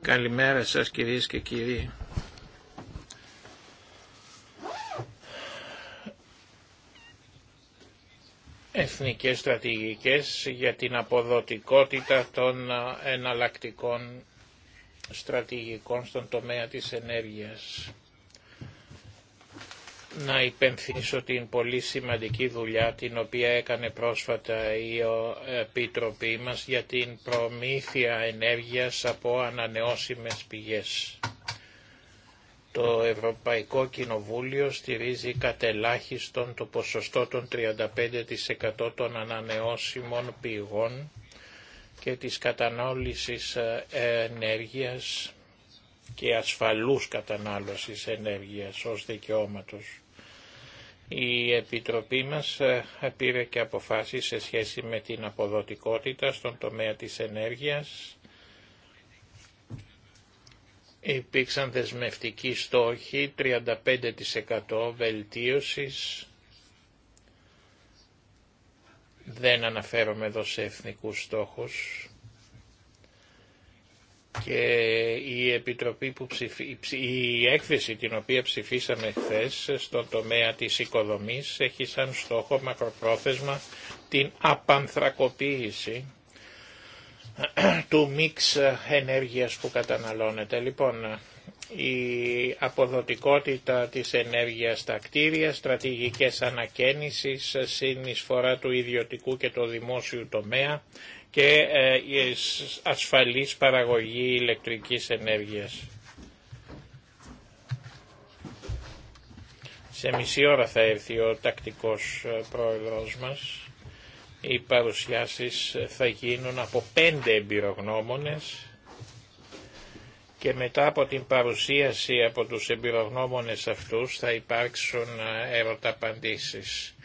Καλημέρα σας κυρίες και κύριοι. Εθνικές στρατηγικές για την αποδοτικότητα των εναλλακτικών στρατηγικών στον τομέα της ενέργειας να υπενθύσω την πολύ σημαντική δουλειά την οποία έκανε πρόσφατα η Επίτροπή μας για την προμήθεια ενέργειας από ανανεώσιμες πηγές. Το Ευρωπαϊκό Κοινοβούλιο στηρίζει κατελάχιστον το ποσοστό των 35% των ανανεώσιμων πηγών και της κατανάλωσης ενέργειας και ασφαλούς κατανάλωσης ενέργειας ως δικαιώματος. Η Επιτροπή μας ε, πήρε και αποφάσεις σε σχέση με την αποδοτικότητα στον τομέα της ενέργειας. Υπήρξαν δεσμευτικοί στόχοι 35% βελτίωσης. Δεν αναφέρομαι εδώ σε εθνικούς στόχους και η, επιτροπή που ψηφί... η έκθεση την οποία ψηφίσαμε χθε στον τομέα της οικοδομής έχει σαν στόχο μακροπρόθεσμα την απανθρακοποίηση του μίξ ενέργειας που καταναλώνεται. Λοιπόν, η αποδοτικότητα της ενέργειας στα κτίρια, στρατηγικές ανακαίνησης, συνεισφορά του ιδιωτικού και του δημόσιου τομέα, και ε, ασφαλής παραγωγή ηλεκτρικής ενέργειας. Σε μισή ώρα θα έρθει ο τακτικός ε, πρόεδρος μας. Οι παρουσιάσεις ε, θα γίνουν από πέντε εμπειρογνώμονες και μετά από την παρουσίαση από τους εμπειρογνώμονες αυτούς θα υπάρξουν ερωταπαντήσεις.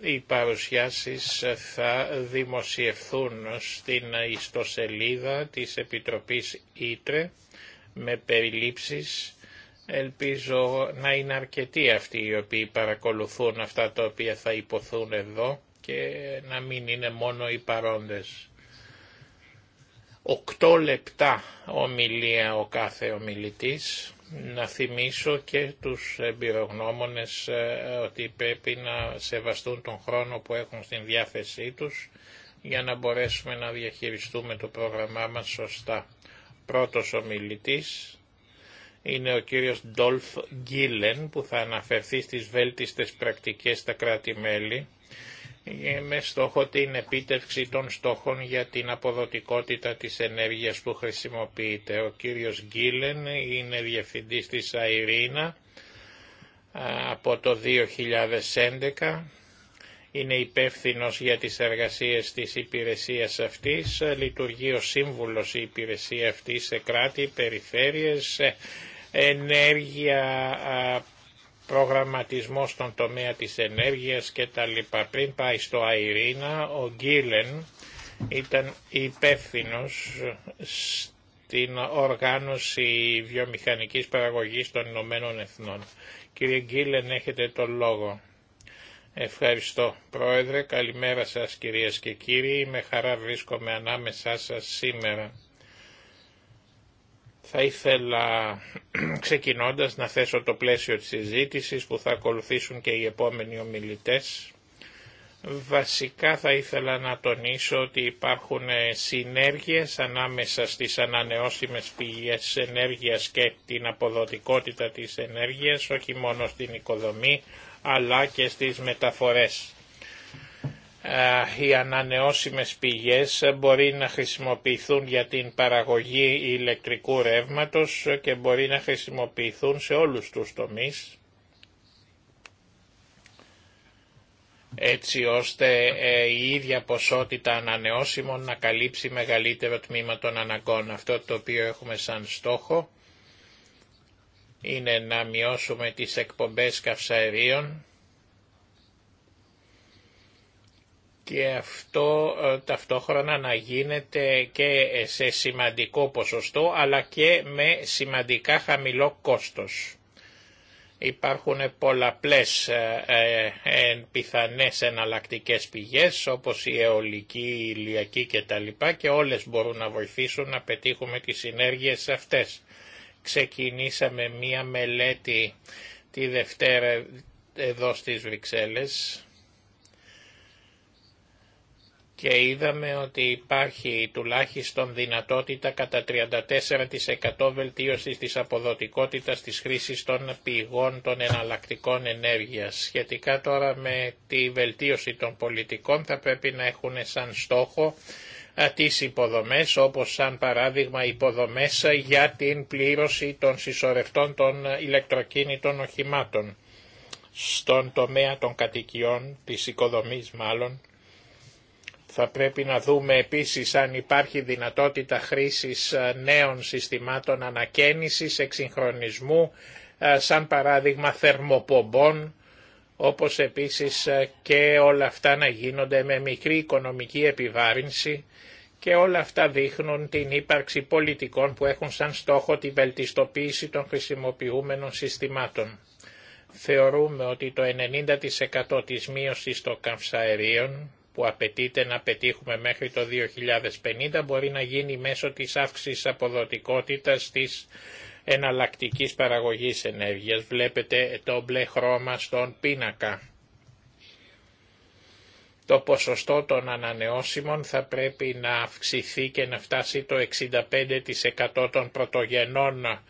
Οι παρουσιάσεις θα δημοσιευθούν στην ιστοσελίδα της Επιτροπής Ήτρε με περιλήψεις. Ελπίζω να είναι αρκετοί αυτοί οι οποίοι παρακολουθούν αυτά τα οποία θα υποθούν εδώ και να μην είναι μόνο οι παρόντες. Οκτώ λεπτά ομιλία ο κάθε ομιλητής. Να θυμίσω και τους εμπειρογνώμονες ε, ότι πρέπει να σεβαστούν τον χρόνο που έχουν στην διάθεσή τους για να μπορέσουμε να διαχειριστούμε το πρόγραμμά μας σωστά. Πρώτος ομιλητής είναι ο κύριος Ντόλφ Γκίλεν που θα αναφερθεί στις βέλτιστες πρακτικές στα κράτη-μέλη με στόχο την επίτευξη των στόχων για την αποδοτικότητα της ενέργειας που χρησιμοποιείται. Ο κύριος Γκίλεν είναι διευθυντής της ΑΙΡΙΝΑ από το 2011. Είναι υπεύθυνος για τις εργασίες της υπηρεσίας αυτής, λειτουργεί ως σύμβουλος η υπηρεσία αυτή σε κράτη, περιφέρειες, ε, ενέργεια, προγραμματισμό στον τομέα της ενέργειας και τα λοιπά. Πριν πάει στο Αϊρίνα, ο Γκίλεν ήταν υπεύθυνο στην οργάνωση βιομηχανικής παραγωγής των Ηνωμένων Εθνών. Κύριε Γκίλεν, έχετε τον λόγο. Ευχαριστώ Πρόεδρε, καλημέρα σας κυρίες και κύριοι, με χαρά βρίσκομαι ανάμεσά σας σήμερα θα ήθελα ξεκινώντας να θέσω το πλαίσιο της συζήτησης που θα ακολουθήσουν και οι επόμενοι ομιλητές. Βασικά θα ήθελα να τονίσω ότι υπάρχουν ε, συνέργειες ανάμεσα στις ανανεώσιμες πηγές ενέργειας και την αποδοτικότητα της ενέργειας, όχι μόνο στην οικοδομή αλλά και στις μεταφορές. Ε, οι ανανεώσιμες πηγές μπορεί να χρησιμοποιηθούν για την παραγωγή ηλεκτρικού ρεύματος και μπορεί να χρησιμοποιηθούν σε όλους τους τομείς έτσι ώστε ε, η ίδια ποσότητα ανανεώσιμων να καλύψει μεγαλύτερο τμήμα των αναγκών. Αυτό το οποίο έχουμε σαν στόχο είναι να μειώσουμε τις εκπομπές καυσαερίων και αυτό ε, ταυτόχρονα να γίνεται και σε σημαντικό ποσοστό αλλά και με σημαντικά χαμηλό κόστος. Υπάρχουν πολλαπλές ε, ε, πιθανές εναλλακτικές πηγές όπως η αιωλική, η ηλιακή κτλ. και όλες μπορούν να βοηθήσουν να πετύχουμε τις συνέργειες αυτές. Ξεκινήσαμε μία μελέτη τη Δευτέρα εδώ στις Βρυξέλλες και είδαμε ότι υπάρχει τουλάχιστον δυνατότητα κατά 34% βελτίωσης της αποδοτικότητας της χρήσης των πηγών των εναλλακτικών ενέργειας. Σχετικά τώρα με τη βελτίωση των πολιτικών θα πρέπει να έχουν σαν στόχο τις υποδομές όπως σαν παράδειγμα υποδομές για την πλήρωση των συσσωρευτών των ηλεκτροκίνητων οχημάτων στον τομέα των κατοικιών, της οικοδομής μάλλον, θα πρέπει να δούμε επίσης αν υπάρχει δυνατότητα χρήσης ε, νέων συστημάτων ανακαίνησης, εξυγχρονισμού, ε, σαν παράδειγμα θερμοπομπών, όπως επίσης ε, και όλα αυτά να γίνονται με μικρή οικονομική επιβάρυνση και όλα αυτά δείχνουν την ύπαρξη πολιτικών που έχουν σαν στόχο τη βελτιστοποίηση των χρησιμοποιούμενων συστημάτων. Θεωρούμε ότι το 90% της μείωσης των καυσαερίων που απαιτείται να πετύχουμε μέχρι το 2050 μπορεί να γίνει μέσω της αύξησης αποδοτικότητας της εναλλακτικής παραγωγής ενέργειας. Βλέπετε το μπλε χρώμα στον πίνακα. Το ποσοστό των ανανεώσιμων θα πρέπει να αυξηθεί και να φτάσει το 65% των πρωτογενών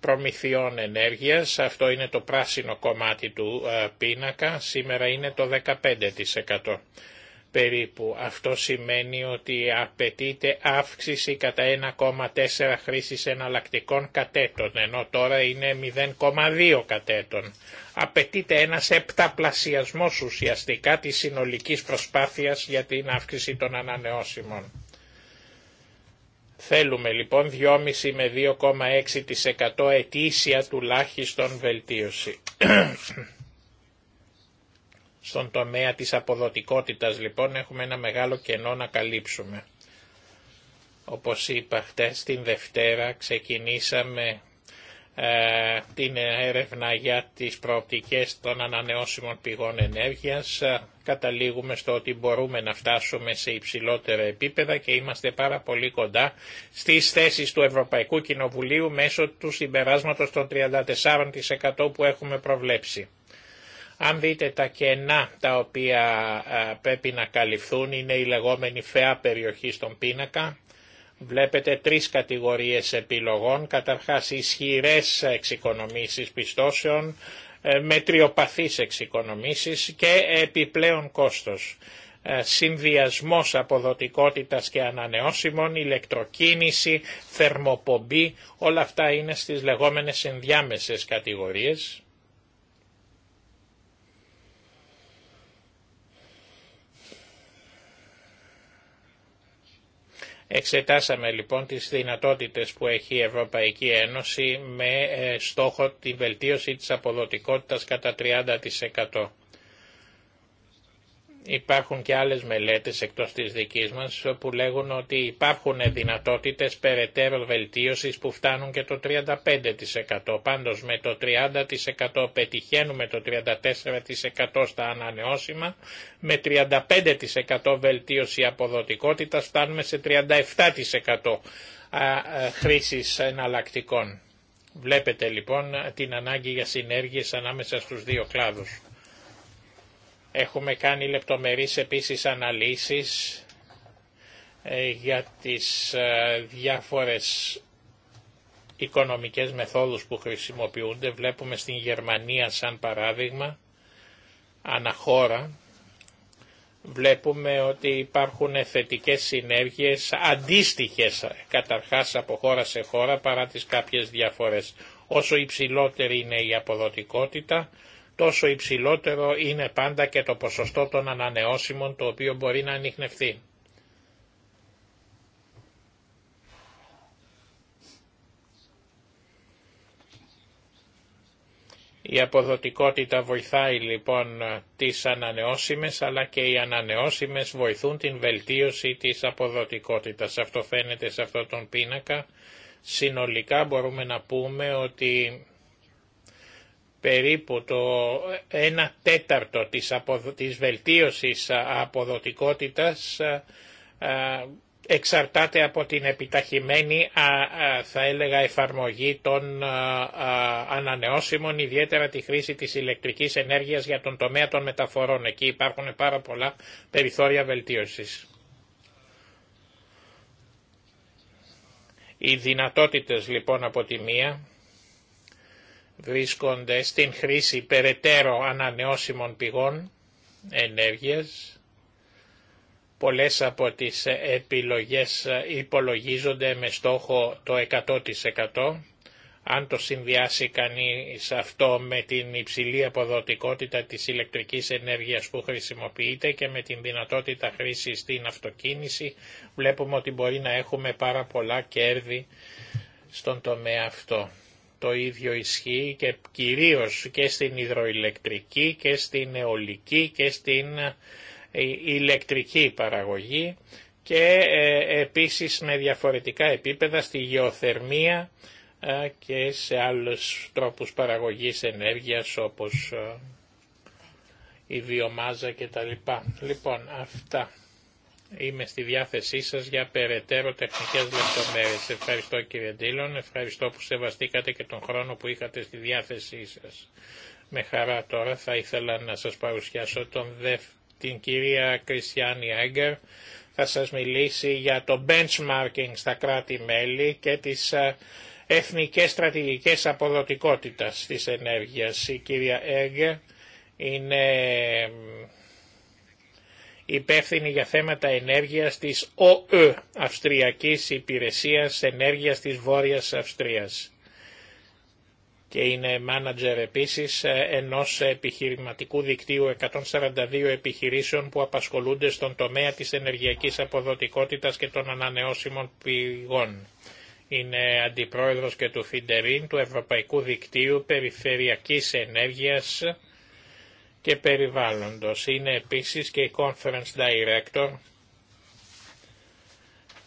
προμηθειών ενέργειας. Αυτό είναι το πράσινο κομμάτι του ε, πίνακα. Σήμερα είναι το 15% περίπου. Αυτό σημαίνει ότι απαιτείται αύξηση κατά 1,4 χρήση εναλλακτικών κατέτων, ενώ τώρα είναι 0,2 κατέτων. Απαιτείται ένας επταπλασιασμός ουσιαστικά της συνολικής προσπάθειας για την αύξηση των ανανεώσιμων. Θέλουμε λοιπόν 2,5 με 2,6% ετήσια τουλάχιστον βελτίωση. Στον τομέα της αποδοτικότητας λοιπόν έχουμε ένα μεγάλο κενό να καλύψουμε. Όπως είπα χτες την Δευτέρα ξεκινήσαμε ε, την έρευνα για τις προοπτικές των ανανεώσιμων πηγών ενέργειας. Ε, καταλήγουμε στο ότι μπορούμε να φτάσουμε σε υψηλότερα επίπεδα και είμαστε πάρα πολύ κοντά στις θέσεις του Ευρωπαϊκού Κοινοβουλίου μέσω του συμπεράσματος των 34% που έχουμε προβλέψει. Αν δείτε τα κενά τα οποία πρέπει να καλυφθούν, είναι η λεγόμενη φαιά περιοχή στον πίνακα. Βλέπετε τρεις κατηγορίες επιλογών, καταρχάς ισχυρές εξοικονομήσεις πιστώσεων, ε, μετριοπαθείς εξοικονομήσεις και επιπλέον κόστος. Ε, συνδυασμός αποδοτικότητας και ανανεώσιμων, ηλεκτροκίνηση, θερμοπομπή, όλα αυτά είναι στις λεγόμενες ενδιάμεσες κατηγορίες. Εξετάσαμε λοιπόν τις δυνατότητες που έχει η Ευρωπαϊκή Ένωση με ε, στόχο την βελτίωση της αποδοτικότητας κατά 30%. Υπάρχουν και άλλες μελέτες εκτός της δικής μας που λέγουν ότι υπάρχουν δυνατότητες περαιτέρω βελτίωσης που φτάνουν και το 35%. Πάντως με το 30% πετυχαίνουμε το 34% στα ανανεώσιμα, με 35% βελτίωση αποδοτικότητας φτάνουμε σε 37% χρήσης εναλλακτικών. Βλέπετε λοιπόν την ανάγκη για συνέργειες ανάμεσα στους δύο κλάδους. Έχουμε κάνει λεπτομερείς επίσης αναλύσεις ε, για τις ε, διάφορες οικονομικές μεθόδους που χρησιμοποιούνται. Βλέπουμε στην Γερμανία σαν παράδειγμα, αναχώρα, βλέπουμε ότι υπάρχουν θετικές συνέργειες αντίστοιχες καταρχάς από χώρα σε χώρα παρά τις κάποιες διαφορές. Όσο υψηλότερη είναι η αποδοτικότητα, τόσο υψηλότερο είναι πάντα και το ποσοστό των ανανεώσιμων το οποίο μπορεί να ανοιχνευτεί. Η αποδοτικότητα βοηθάει λοιπόν τις ανανεώσιμες, αλλά και οι ανανεώσιμες βοηθούν την βελτίωση της αποδοτικότητας. Αυτό φαίνεται σε αυτόν τον πίνακα. Συνολικά μπορούμε να πούμε ότι περίπου το 1 τέταρτο της, αποδο, βελτίωσης αποδοτικότητας εξαρτάται από την επιταχυμένη θα έλεγα εφαρμογή των ανανεώσιμων, ιδιαίτερα τη χρήση της ηλεκτρικής ενέργειας για τον τομέα των μεταφορών. Εκεί υπάρχουν πάρα πολλά περιθώρια βελτίωσης. Οι δυνατότητες λοιπόν από τη μία βρίσκονται στην χρήση περαιτέρω ανανεώσιμων πηγών ενέργειας. Πολλές από τις επιλογές υπολογίζονται με στόχο το 100%. Αν το συνδυάσει κανείς αυτό με την υψηλή αποδοτικότητα της ηλεκτρικής ενέργειας που χρησιμοποιείται και με την δυνατότητα χρήσης στην αυτοκίνηση, βλέπουμε ότι μπορεί να έχουμε πάρα πολλά κέρδη στον τομέα αυτό. Το ίδιο ισχύει και κυρίως και στην υδροηλεκτρική και στην αιωλική και στην ε, ηλεκτρική παραγωγή και ε, επίσης με διαφορετικά επίπεδα στη γεωθερμία ε, και σε άλλους τρόπους παραγωγής ενέργειας όπως η βιομάζα κτλ. Λοιπόν, αυτά είμαι στη διάθεσή σας για περαιτέρω τεχνικές λεπτομέρειες. Ευχαριστώ κύριε Ντίλον, ευχαριστώ που σεβαστήκατε και τον χρόνο που είχατε στη διάθεσή σας. Με χαρά τώρα θα ήθελα να σας παρουσιάσω τον την κυρία Κριστιάνη Έγκερ. Θα σας μιλήσει για το benchmarking στα κράτη-μέλη και τις εθνικές στρατηγικές αποδοτικότητας της ενέργειας. Η κυρία Έγκερ είναι υπεύθυνη για θέματα ενέργειας της ΟΕ, Αυστριακής Υπηρεσίας Ενέργειας της Βόρειας Αυστρίας. Και είναι μάνατζερ επίσης ε, ενός επιχειρηματικού δικτύου 142 επιχειρήσεων που απασχολούνται στον τομέα της ενεργειακής αποδοτικότητας και των ανανεώσιμων πηγών. Είναι αντιπρόεδρος και του Φιντερίν του Ευρωπαϊκού Δικτύου Περιφερειακής Ενέργειας και περιβάλλοντος. Είναι επίσης και η Conference Director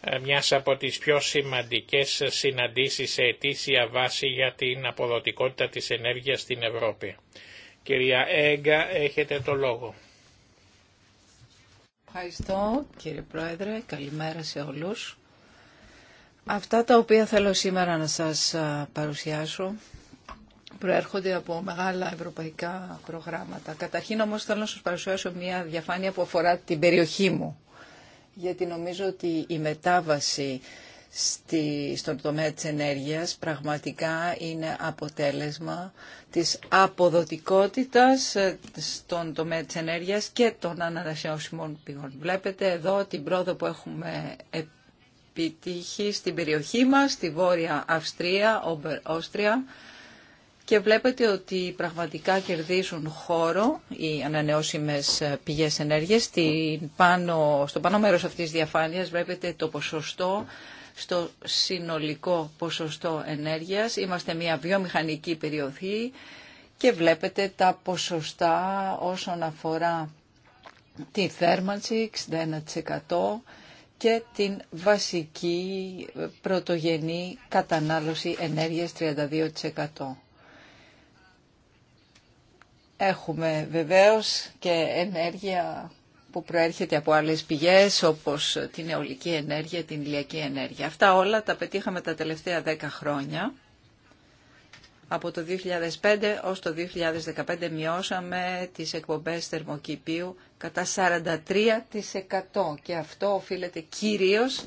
ε, μιας από τις πιο σημαντικές συναντήσεις σε αιτήσια βάση για την αποδοτικότητα της ενέργειας στην Ευρώπη. Κυρία Έγκα, έχετε το λόγο. Ευχαριστώ κύριε Πρόεδρε, καλημέρα σε όλους. Αυτά τα οποία θέλω σήμερα να σας ε, παρουσιάσω προέρχονται από μεγάλα ευρωπαϊκά προγράμματα. Καταρχήν όμως θέλω να σας παρουσιάσω μια διαφάνεια που αφορά την περιοχή μου. Γιατί νομίζω ότι η μετάβαση στη, στον τομέα της ενέργειας πραγματικά είναι αποτέλεσμα της αποδοτικότητας ε, στον τομέα της ενέργειας και των ανανασιώσιμων πηγών. Βλέπετε εδώ την πρόοδο που έχουμε επιτύχει στην περιοχή μας, στη Βόρεια Αυστρία, Όμπερ Όστρια, και βλέπετε ότι πραγματικά κερδίζουν χώρο οι ανανεώσιμες πηγές ενέργειας. Στην πάνω, στο πάνω μέρος αυτής της διαφάνειας βλέπετε το ποσοστό στο συνολικό ποσοστό ενέργειας. Είμαστε μια βιομηχανική περιοχή και βλέπετε τα ποσοστά όσον αφορά τη θέρμανση 61% και την βασική πρωτογενή κατανάλωση ενέργειας 32%. Έχουμε βεβαίως και ενέργεια που προέρχεται από άλλες πηγές όπως την αιωλική ενέργεια, την ηλιακή ενέργεια. Αυτά όλα τα πετύχαμε τα τελευταία 10 χρόνια. Από το 2005 ως το 2015 μειώσαμε τις εκπομπές θερμοκηπίου κατά 43% και αυτό οφείλεται κυρίως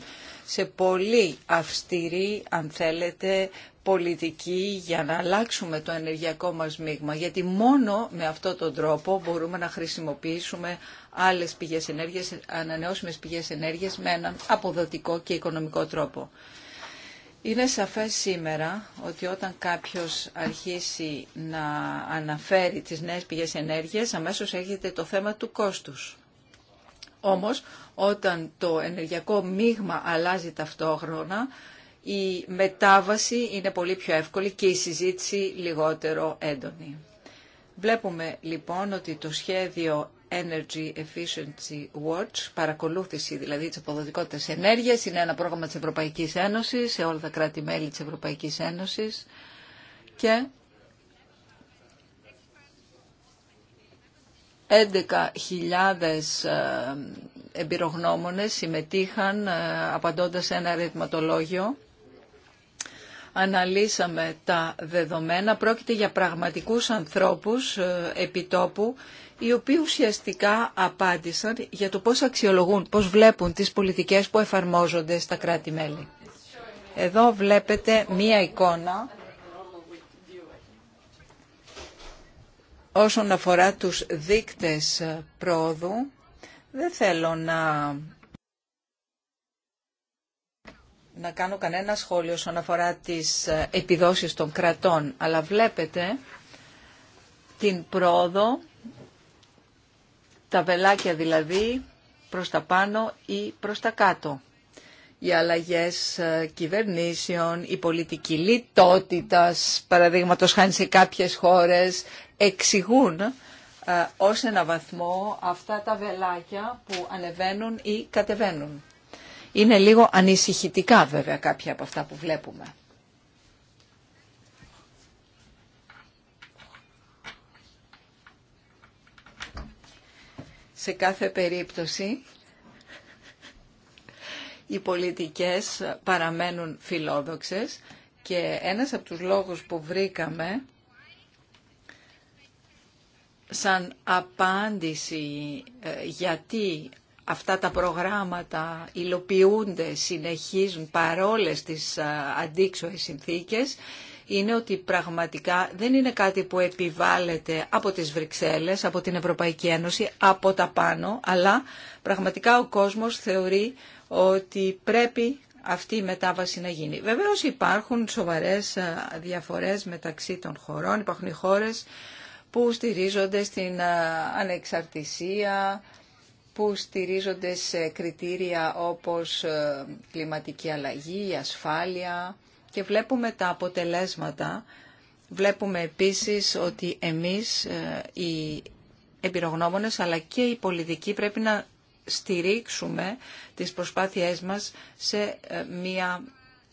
σε πολύ αυστηρή, αν θέλετε, πολιτική για να αλλάξουμε το ενεργειακό μας μείγμα. Γιατί μόνο με αυτόν τον τρόπο μπορούμε να χρησιμοποιήσουμε άλλες πηγές ενέργειας, ανανεώσιμες πηγές ενέργειας με έναν αποδοτικό και οικονομικό τρόπο. Είναι σαφές σήμερα ότι όταν κάποιος αρχίσει να αναφέρει τις νέες πηγές ενέργειας, αμέσως έρχεται το θέμα του κόστους. Όμως, όταν το ενεργειακό μείγμα αλλάζει ταυτόχρονα, η μετάβαση είναι πολύ πιο εύκολη και η συζήτηση λιγότερο έντονη. Βλέπουμε λοιπόν ότι το σχέδιο Energy Efficiency Watch, παρακολούθηση δηλαδή της αποδοτικότητας ενέργειας, είναι ένα πρόγραμμα της Ευρωπαϊκής Ένωσης, σε όλα τα κράτη-μέλη της Ευρωπαϊκής Ένωσης και 11.000 ε, εμπειρογνώμονες συμμετείχαν ε, απαντώντας σε ένα αριθματολόγιο. Αναλύσαμε τα δεδομένα. Πρόκειται για πραγματικούς ανθρώπους ε, επιτόπου οι οποίοι ουσιαστικά απάντησαν για το πώς αξιολογούν, πώς βλέπουν τις πολιτικές που εφαρμόζονται στα κράτη-μέλη. Εδώ βλέπετε μία εικόνα Όσον αφορά τους δείκτες πρόοδου, δεν θέλω να, να κάνω κανένα σχόλιο όσον αφορά τις επιδόσεις των κρατών, αλλά βλέπετε την πρόοδο, τα βελάκια δηλαδή, προς τα πάνω ή προς τα κάτω οι αλλαγέ ε, κυβερνήσεων, η πολιτική λιτότητα παραδείγματος χάνει σε κάποιες χώρες, εξηγούν ε, ως ένα βαθμό αυτά τα βελάκια που ανεβαίνουν ή κατεβαίνουν. Είναι λίγο ανησυχητικά βέβαια κάποια από αυτά που βλέπουμε. Σε κάθε περίπτωση οι πολιτικές παραμένουν φιλόδοξες και ένας από τους λόγους που βρήκαμε σαν απάντηση ε, γιατί αυτά τα προγράμματα υλοποιούνται, συνεχίζουν παρόλες τις ε, αντίξωες συνθήκες, είναι ότι πραγματικά δεν είναι κάτι που επιβάλλεται από τις Βρυξέλλες, από την Ευρωπαϊκή Ένωση, από τα πάνω, αλλά πραγματικά ο κόσμος θεωρεί ότι πρέπει αυτή η μετάβαση να γίνει. Βεβαίως υπάρχουν σοβαρές ε, διαφορές μεταξύ των χωρών. Υπάρχουν οι χώρες που στηρίζονται στην ε, ανεξαρτησία, που στηρίζονται σε κριτήρια όπως ε, κλιματική αλλαγή, ασφάλεια και βλέπουμε τα αποτελέσματα. Βλέπουμε επίσης ότι εμείς οι εμπειρογνώμονες αλλά και οι πολιτικοί πρέπει να στηρίξουμε τις προσπάθειές μας σε ε, μια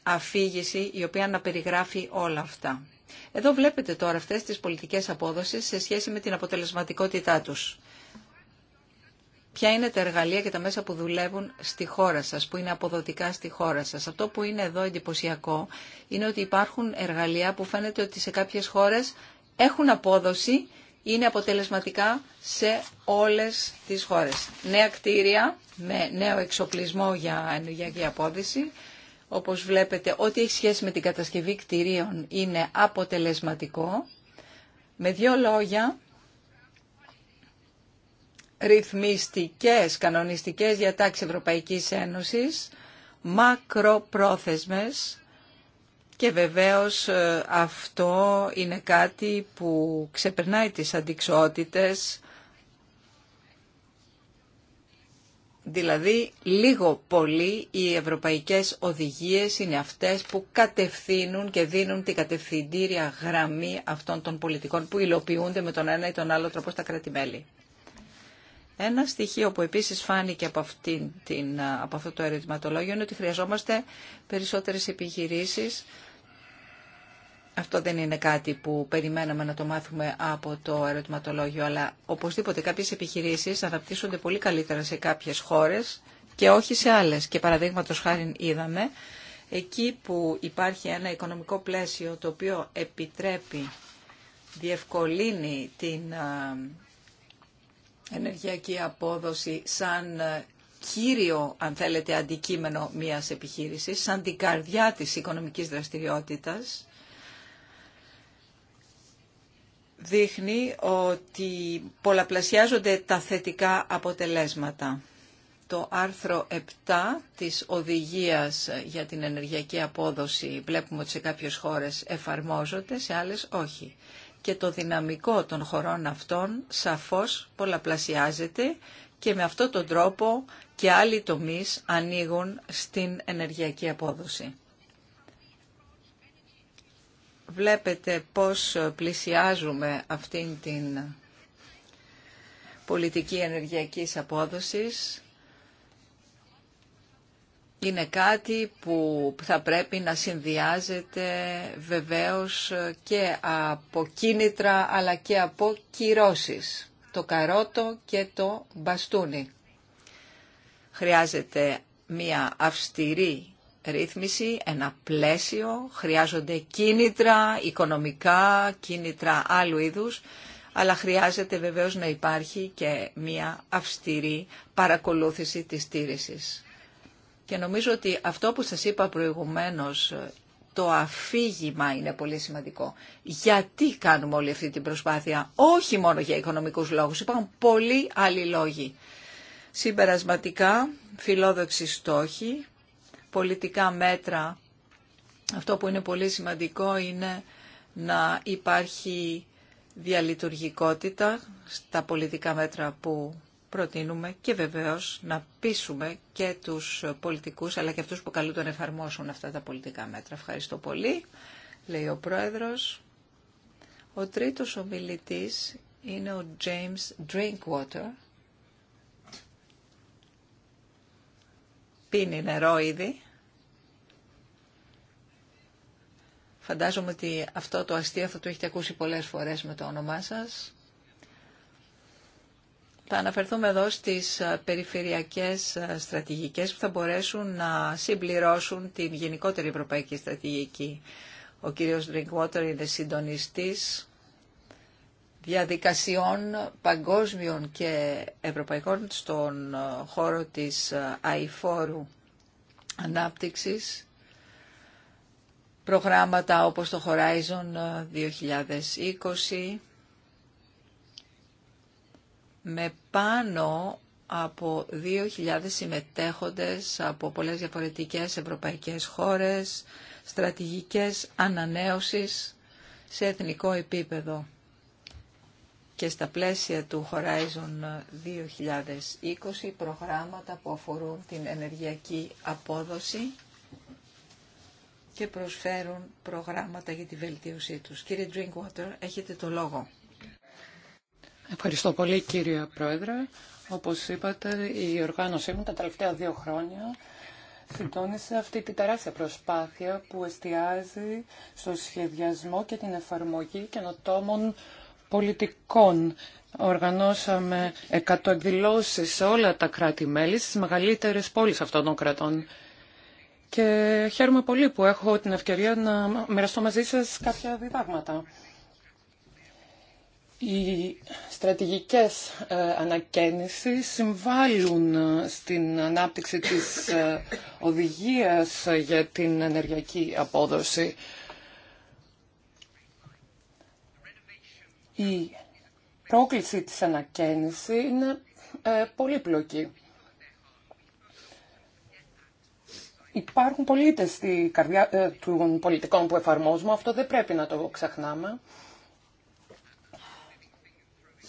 αφήγηση η οποία να περιγράφει όλα αυτά. Εδώ βλέπετε τώρα αυτές τις πολιτικές απόδοσεις σε σχέση με την αποτελεσματικότητά τους. Ποια είναι τα εργαλεία και τα μέσα που δουλεύουν στη χώρα σας, που είναι αποδοτικά στη χώρα σας. Αυτό που είναι εδώ εντυπωσιακό είναι ότι υπάρχουν εργαλεία που φαίνεται ότι σε κάποιες χώρες έχουν απόδοση είναι αποτελεσματικά σε όλες τις χώρες. Νέα κτίρια με νέο εξοπλισμό για ενεργειακή απόδειση. Όπως βλέπετε, ό,τι έχει σχέση με την κατασκευή κτιρίων είναι αποτελεσματικό. Με δύο λόγια, ρυθμιστικές, κανονιστικές διατάξεις Ευρωπαϊκής Ένωσης, μακροπρόθεσμες, και βεβαίως ε, αυτό είναι κάτι που ξεπερνάει τις αντικσότητες, Δηλαδή, λίγο πολύ οι ευρωπαϊκές οδηγίες είναι αυτές που κατευθύνουν και δίνουν την κατευθυντήρια γραμμή αυτών των πολιτικών που υλοποιούνται με τον ένα ή τον άλλο τρόπο στα κράτη-μέλη. Ένα στοιχείο που επίσης φάνηκε από, αυτή, την, ε, από αυτό το ερωτηματολόγιο είναι ότι χρειαζόμαστε περισσότερες επιχειρήσεις αυτό δεν είναι κάτι που περιμέναμε να το μάθουμε από το ερωτηματολόγιο, αλλά οπωσδήποτε κάποιες επιχειρήσεις αναπτύσσονται πολύ καλύτερα σε κάποιες χώρες και όχι σε άλλες. Και παραδείγματο χάρη είδαμε, εκεί που υπάρχει ένα οικονομικό πλαίσιο το οποίο επιτρέπει, διευκολύνει την ενεργειακή απόδοση σαν κύριο, αν θέλετε, αντικείμενο μιας επιχείρησης, σαν την καρδιά της οικονομικής δραστηριότητας, δείχνει ότι πολλαπλασιάζονται τα θετικά αποτελέσματα. Το άρθρο 7 της Οδηγίας για την Ενεργειακή Απόδοση βλέπουμε ότι σε κάποιες χώρες εφαρμόζονται, σε άλλες όχι. Και το δυναμικό των χωρών αυτών σαφώς πολλαπλασιάζεται και με αυτόν τον τρόπο και άλλοι τομείς ανοίγουν στην ενεργειακή απόδοση βλέπετε πώς πλησιάζουμε αυτήν την πολιτική ενεργειακή απόδοσης. Είναι κάτι που θα πρέπει να συνδυάζεται βεβαίως και από κίνητρα αλλά και από κυρώσεις. Το καρότο και το μπαστούνι. Χρειάζεται μία αυστηρή ρύθμιση, ένα πλαίσιο, χρειάζονται κίνητρα οικονομικά, κίνητρα άλλου είδους, αλλά χρειάζεται βεβαίως να υπάρχει και μία αυστηρή παρακολούθηση της στήρησης. Και νομίζω ότι αυτό που σας είπα προηγουμένως, το αφήγημα είναι πολύ σημαντικό. Γιατί κάνουμε όλη αυτή την προσπάθεια, όχι μόνο για οικονομικούς λόγους, υπάρχουν πολλοί άλλοι λόγοι. Συμπερασματικά, φιλόδοξοι στόχοι, πολιτικά μέτρα. Αυτό που είναι πολύ σημαντικό είναι να υπάρχει διαλειτουργικότητα στα πολιτικά μέτρα που προτείνουμε και βεβαίως να πείσουμε και τους πολιτικούς αλλά και αυτούς που καλούνται να εφαρμόσουν αυτά τα πολιτικά μέτρα. Ευχαριστώ πολύ, λέει ο Πρόεδρος. Ο τρίτος ομιλητής είναι ο James Drinkwater. Πίνει νερό ήδη. Φαντάζομαι ότι αυτό το αστείο θα το έχετε ακούσει πολλές φορές με το όνομά σας. Θα αναφερθούμε εδώ στις ε, περιφερειακές ε, στρατηγικές που θα μπορέσουν να συμπληρώσουν την γενικότερη ευρωπαϊκή στρατηγική. Ο κύριος Drinkwater είναι συντονιστής διαδικασιών παγκόσμιων και ευρωπαϊκών στον ε, χώρο της αηφόρου ανάπτυξης προγράμματα όπως το Horizon 2020 ε, με πάνω από 2.000 συμμετέχοντες από πολλές διαφορετικές ευρωπαϊκές χώρες, στρατηγικές ανανέωσης σε εθνικό επίπεδο. Και στα πλαίσια του Horizon 2020 ε, προγράμματα που αφορούν την ενεργειακή απόδοση και προσφέρουν προγράμματα για τη βελτίωσή τους. Κύριε Drinkwater, έχετε το λόγο. Ευχαριστώ πολύ κύριε Πρόεδρε. Όπως είπατε, η οργάνωσή μου τα τελευταία δύο χρόνια συντώνησε αυτή τη τεράστια προσπάθεια που εστιάζει στο σχεδιασμό και την εφαρμογή καινοτόμων πολιτικών. Οργανώσαμε 100 εκδηλώσεις σε όλα τα κράτη-μέλη, στις μεγαλύτερες πόλεις αυτών των κρατών και χαίρομαι πολύ που έχω την ευκαιρία να μοιραστώ μαζί σας κάποια διδάγματα. Οι στρατηγικές ε, ανακαίνησεις συμβάλλουν ε, στην ανάπτυξη της ε, οδηγίας για την ενεργειακή απόδοση. Η πρόκληση της ανακαίνιση είναι πολύπλοκη. Υπάρχουν πολίτες στη καρδιά ε, των πολιτικών που εφαρμόζουμε, αυτό δεν πρέπει να το ξεχνάμε.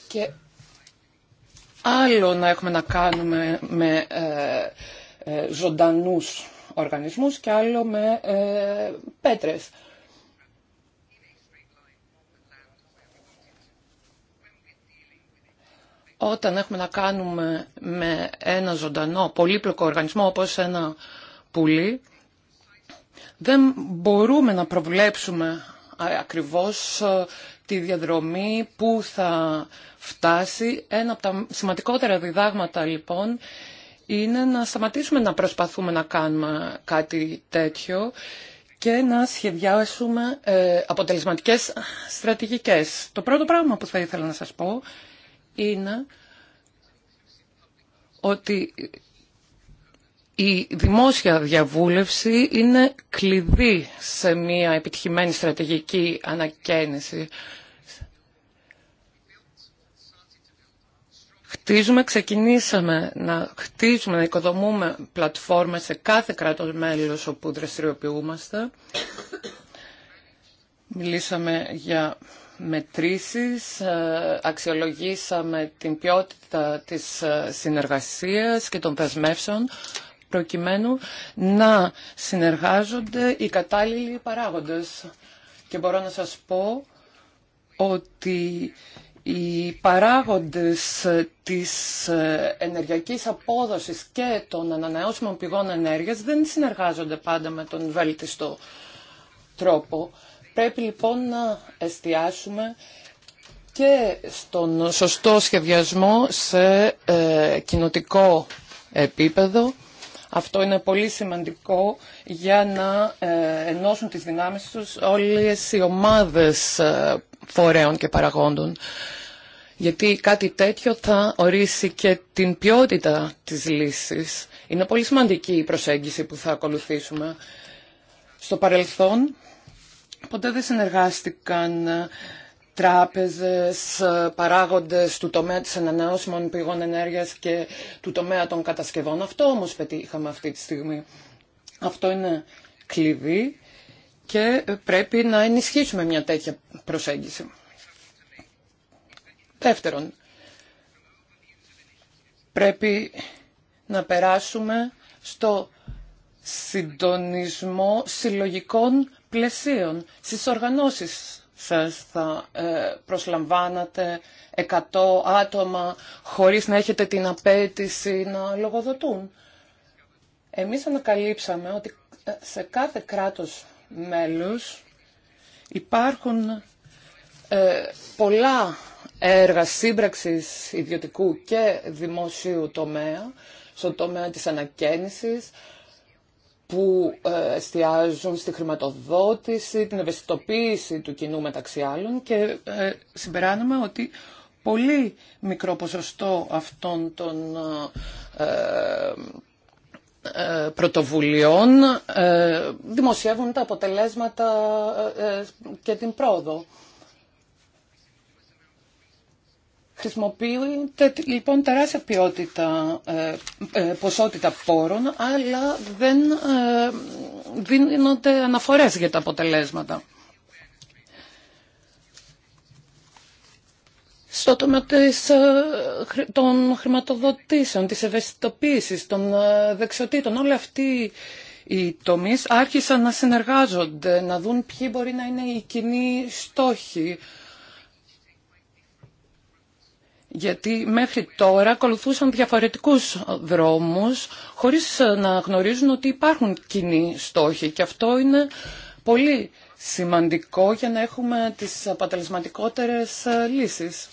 Και άλλο να έχουμε να κάνουμε με ε, ε, οργανισμούς και άλλο με ε, πέτρες. Όταν έχουμε να κάνουμε με ένα ζωντανό πολύπλοκο οργανισμό όπως ένα πουλί, δεν μπορούμε να προβλέψουμε ακριβώς τη διαδρομή που θα φτάσει. Ένα από τα σημαντικότερα διδάγματα λοιπόν είναι να σταματήσουμε να προσπαθούμε να κάνουμε κάτι τέτοιο και να σχεδιάσουμε ε, αποτελεσματικές στρατηγικές. Το πρώτο πράγμα που θα ήθελα να σας πω είναι ότι η δημόσια διαβούλευση είναι κλειδί σε μια επιτυχημένη στρατηγική ανακαίνιση. Χτίζουμε, ξεκινήσαμε να χτίζουμε, να οικοδομούμε πλατφόρμες σε κάθε κράτος μέλος όπου δραστηριοποιούμαστε. Μιλήσαμε για μετρήσεις, ε, αξιολογήσαμε την ποιότητα της ε, συνεργασίας και των δεσμεύσεων προκειμένου να συνεργάζονται οι κατάλληλοι παράγοντες. Και μπορώ να σας πω ότι οι παράγοντες της ενεργειακής απόδοσης και των ανανεώσιμων πηγών ενέργειας δεν συνεργάζονται πάντα με τον βέλτιστο τρόπο. Πρέπει λοιπόν να εστιάσουμε και στον σωστό σχεδιασμό σε ε, κοινοτικό επίπεδο αυτό είναι πολύ σημαντικό για να ε, ενώσουν τις δυνάμεις τους όλες οι ομάδες ε, φορέων και παραγόντων. Γιατί κάτι τέτοιο θα ορίσει και την ποιότητα της λύσης. Είναι πολύ σημαντική η προσέγγιση που θα ακολουθήσουμε. Στο παρελθόν ποτέ δεν συνεργάστηκαν ε, τράπεζες, παράγοντες του τομέα της ανανεώσιμων πηγών ενέργειας και του τομέα των κατασκευών. Αυτό όμως πετύχαμε αυτή τη στιγμή. Αυτό είναι κλειδί και πρέπει να ενισχύσουμε μια τέτοια προσέγγιση. Δεύτερον, πρέπει να περάσουμε στο συντονισμό συλλογικών πλαισίων στις οργανώσεις σας θα ε, προσλαμβάνατε 100 άτομα χωρίς να έχετε την απέτηση να λογοδοτούν. Εμείς ανακαλύψαμε ότι ε, σε κάθε κράτος μέλους υπάρχουν ε, πολλά έργα σύμπραξης ιδιωτικού και δημοσίου τομέα, στον τομέα της ανακαίνησης, που ε, εστιάζουν στη χρηματοδότηση, την ευαισθητοποίηση του κοινού μεταξύ άλλων και ε, συμπεράνουμε ότι πολύ μικρό ποσοστό αυτών των ε, πρωτοβουλειών δημοσιεύουν τα αποτελέσματα και την πρόοδο. Χρησιμοποιείται λοιπόν τεράστια ποιότητα, ε, ε, ποσότητα πόρων, αλλά δεν ε, δίνονται αναφορές για τα αποτελέσματα. στο τομέα των χρηματοδοτήσεων, της ευαισθητοποίησης, των δεξιοτήτων. Όλοι αυτοί οι τομείς άρχισαν να συνεργάζονται, να δουν ποιοι μπορεί να είναι οι κοινοί στόχοι, γιατί μέχρι τώρα ακολουθούσαν διαφορετικούς δρόμους χωρίς να γνωρίζουν ότι υπάρχουν κοινοί στόχοι και αυτό είναι πολύ σημαντικό για να έχουμε τις αποτελεσματικότερες ε, λύσεις.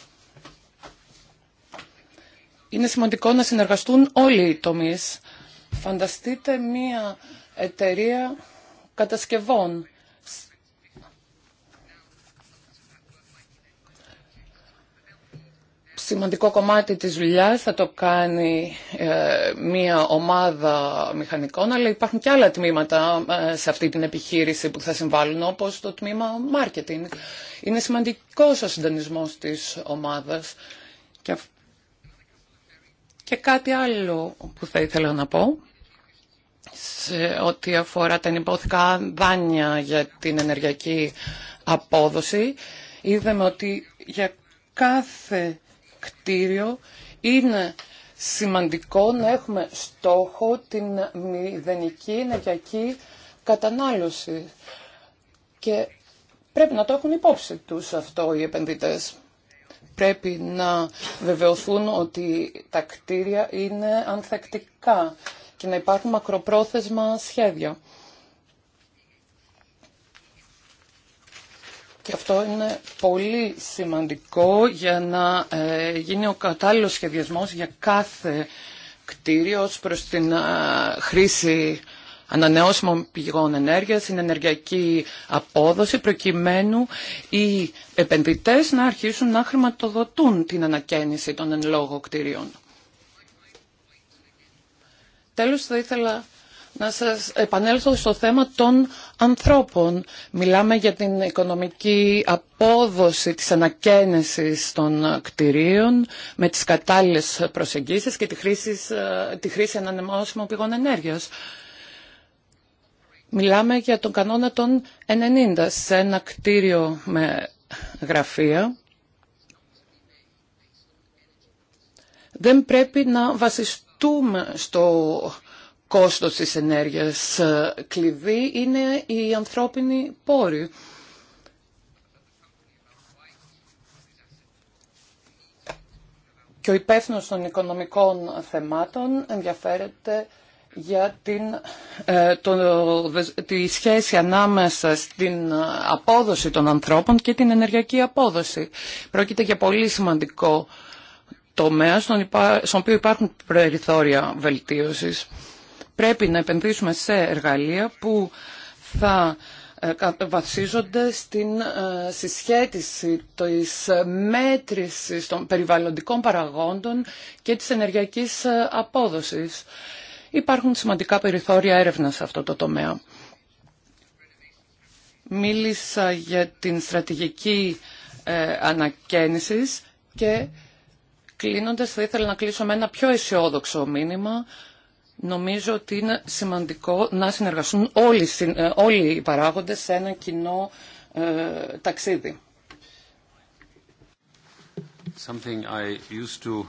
Είναι σημαντικό να συνεργαστούν όλοι οι τομείς. Φανταστείτε μία εταιρεία κατασκευών σημαντικό κομμάτι της δουλειά θα το κάνει ε, μία ομάδα μηχανικών, αλλά υπάρχουν και άλλα τμήματα ε, σε αυτή την επιχείρηση που θα συμβάλλουν, όπως το τμήμα marketing. Είναι σημαντικός ο συντονισμός της ομάδας. Και, κάτι άλλο που θα ήθελα να πω, σε ό,τι αφορά τα ενυπόθηκα δάνεια για την ενεργειακή απόδοση, είδαμε ότι για κάθε κτίριο είναι σημαντικό να έχουμε στόχο την μηδενική ενεργειακή κατανάλωση. Και πρέπει να το έχουν υπόψη τους αυτό οι επενδυτές. Πρέπει να βεβαιωθούν ότι τα κτίρια είναι ανθεκτικά και να υπάρχουν μακροπρόθεσμα σχέδια. Και αυτό είναι πολύ σημαντικό για να ε, γίνει ο κατάλληλος σχεδιασμός για κάθε κτίριο ως προς την ε, χρήση ανανεώσιμων πηγών ενέργειας, την ενεργειακή απόδοση, προκειμένου οι επενδυτές να αρχίσουν να χρηματοδοτούν την ανακαίνιση των εν λόγω κτίριων. Τέλος θα ήθελα να σας επανέλθω στο θέμα των ανθρώπων. Μιλάμε για την οικονομική απόδοση της ανακαίνεσης των κτηρίων με τις κατάλληλες προσεγγίσεις και τη χρήση, τη χρήση ανανεμώσιμων πηγών ενέργειας. Μιλάμε για τον κανόνα των 90 σε ένα κτίριο με γραφεία. Δεν πρέπει να βασιστούμε στο κόστος της ενέργειας. Ε, κλειδί είναι οι ανθρώπινοι πόροι. Και ο υπεύθυνο των οικονομικών θεμάτων ενδιαφέρεται για την, ε, τη σχέση ανάμεσα στην απόδοση των ανθρώπων και την ενεργειακή απόδοση. Πρόκειται για πολύ σημαντικό τομέα στον, οποίο υπάρχουν περιθώρια βελτίωσης. Πρέπει να επενδύσουμε σε εργαλεία που θα ε, βασίζονται στην ε, συσχέτιση της μέτρησης των περιβαλλοντικών παραγόντων και της ενεργειακής ε, απόδοσης. Υπάρχουν σημαντικά περιθώρια έρευνα σε αυτό το τομέα. Μίλησα για την στρατηγική ανακαίνησης και κλείνοντας θα ήθελα να κλείσω με ένα πιο αισιόδοξο μήνυμα Νομίζω ότι είναι σημαντικό να συνεργαστούν όλοι, ε, όλοι οι παράγοντες σε ένα κοινό ε, ταξίδι. to...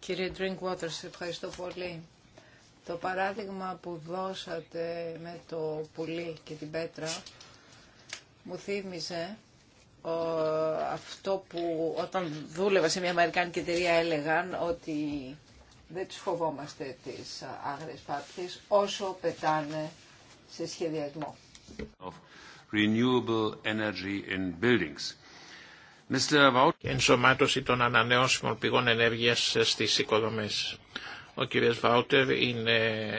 Κύριε Drinkwater, σε ευχαριστώ πολύ. Το παράδειγμα που δώσατε με το πουλί και την πέτρα μου θύμιζε αυτό που όταν δούλευα σε μια αμερικάνικη εταιρεία έλεγαν ότι δεν τους φοβόμαστε τις άγριες πάπιες όσο πετάνε σε σχεδιασμό. Ενσωμάτωση των ανανεώσιμων πηγών ενέργειας στις οικοδομές. Ο κ. Βάουτερ είναι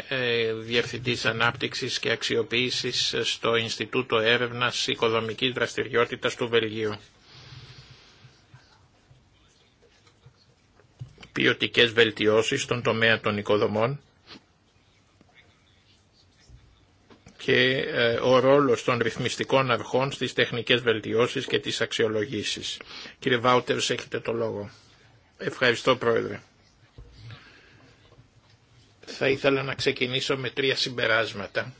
ε, Διευθυντής Ανάπτυξης και Αξιοποίησης στο Ινστιτούτο Έρευνας Οικοδομικής Δραστηριότητας του Βελγίου. ποιοτικές βελτιώσεις στον τομέα των οικοδομών και ε, ο ρόλος των ρυθμιστικών αρχών στις τεχνικές βελτιώσεις και τις αξιολογήσεις. Κύριε Βάουτερς, έχετε το λόγο. Ευχαριστώ, Πρόεδρε. Θα ήθελα να ξεκινήσω με τρία συμπεράσματα,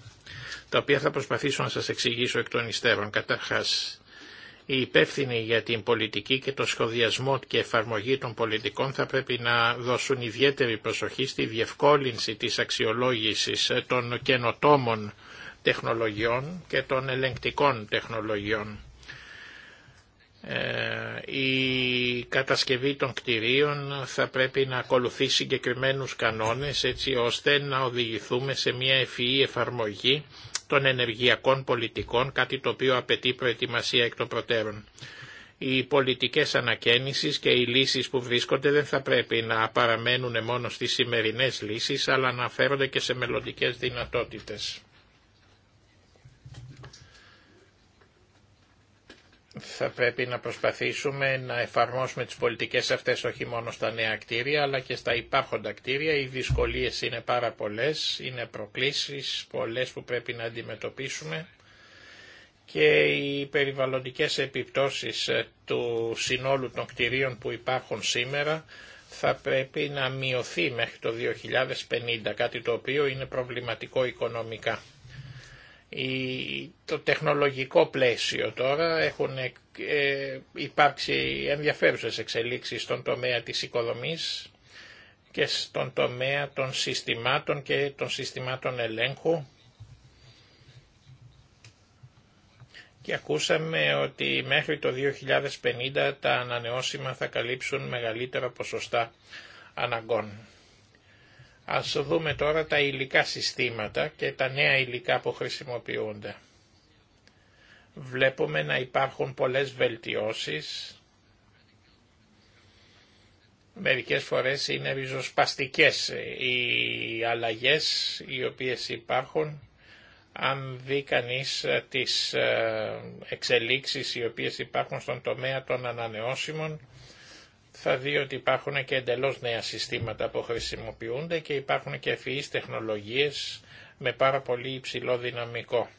τα οποία θα προσπαθήσω να σας εξηγήσω εκ των υστέρων. Καταρχάς, οι υπεύθυνοι για την πολιτική και το σχοδιασμό και εφαρμογή των πολιτικών θα πρέπει να δώσουν ιδιαίτερη προσοχή στη διευκόλυνση της αξιολόγησης των καινοτόμων τεχνολογιών και των ελεγκτικών τεχνολογιών. Ε, η κατασκευή των κτηρίων θα πρέπει να ακολουθεί συγκεκριμένους κανόνες έτσι ώστε να οδηγηθούμε σε μια ευφυή εφαρμογή των ενεργειακών πολιτικών, κάτι το οποίο απαιτεί προετοιμασία εκ των προτέρων. Οι πολιτικές ανακαίνισεις και οι λύσεις που βρίσκονται δεν θα πρέπει να παραμένουν μόνο στις σημερινές λύσεις, αλλά να φέρονται και σε μελλοντικές δυνατότητες. θα πρέπει να προσπαθήσουμε να εφαρμόσουμε τις πολιτικές αυτές όχι μόνο στα νέα κτίρια αλλά και στα υπάρχοντα κτίρια. Οι δυσκολίες είναι πάρα πολλές, είναι προκλήσεις πολλές που πρέπει να αντιμετωπίσουμε και οι περιβαλλοντικές επιπτώσεις ε, του συνόλου των κτιρίων που υπάρχουν σήμερα θα πρέπει να μειωθεί μέχρι το 2050, κάτι το οποίο είναι προβληματικό οικονομικά το τεχνολογικό πλαίσιο τώρα έχουν ε, υπάρξει ενδιαφέρουσες εξελίξεις στον τομέα της οικοδομής και στον τομέα των συστημάτων και των συστημάτων ελέγχου και ακούσαμε ότι μέχρι το 2050 τα ανανεώσιμα θα καλύψουν μεγαλύτερα ποσοστά αναγκών. Ας δούμε τώρα τα υλικά συστήματα και τα νέα υλικά που χρησιμοποιούνται. Βλέπουμε να υπάρχουν πολλές βελτιώσεις. Μερικές φορές είναι ριζοσπαστικές οι αλλαγές οι οποίες υπάρχουν. Αν δει κανεί τις ε, εξελίξεις οι οποίες υπάρχουν στον τομέα των ανανεώσιμων, θα δει ότι υπάρχουν και εντελώς νέα συστήματα που χρησιμοποιούνται και υπάρχουν και ευφυείς τεχνολογίες με πάρα πολύ υψηλό δυναμικό.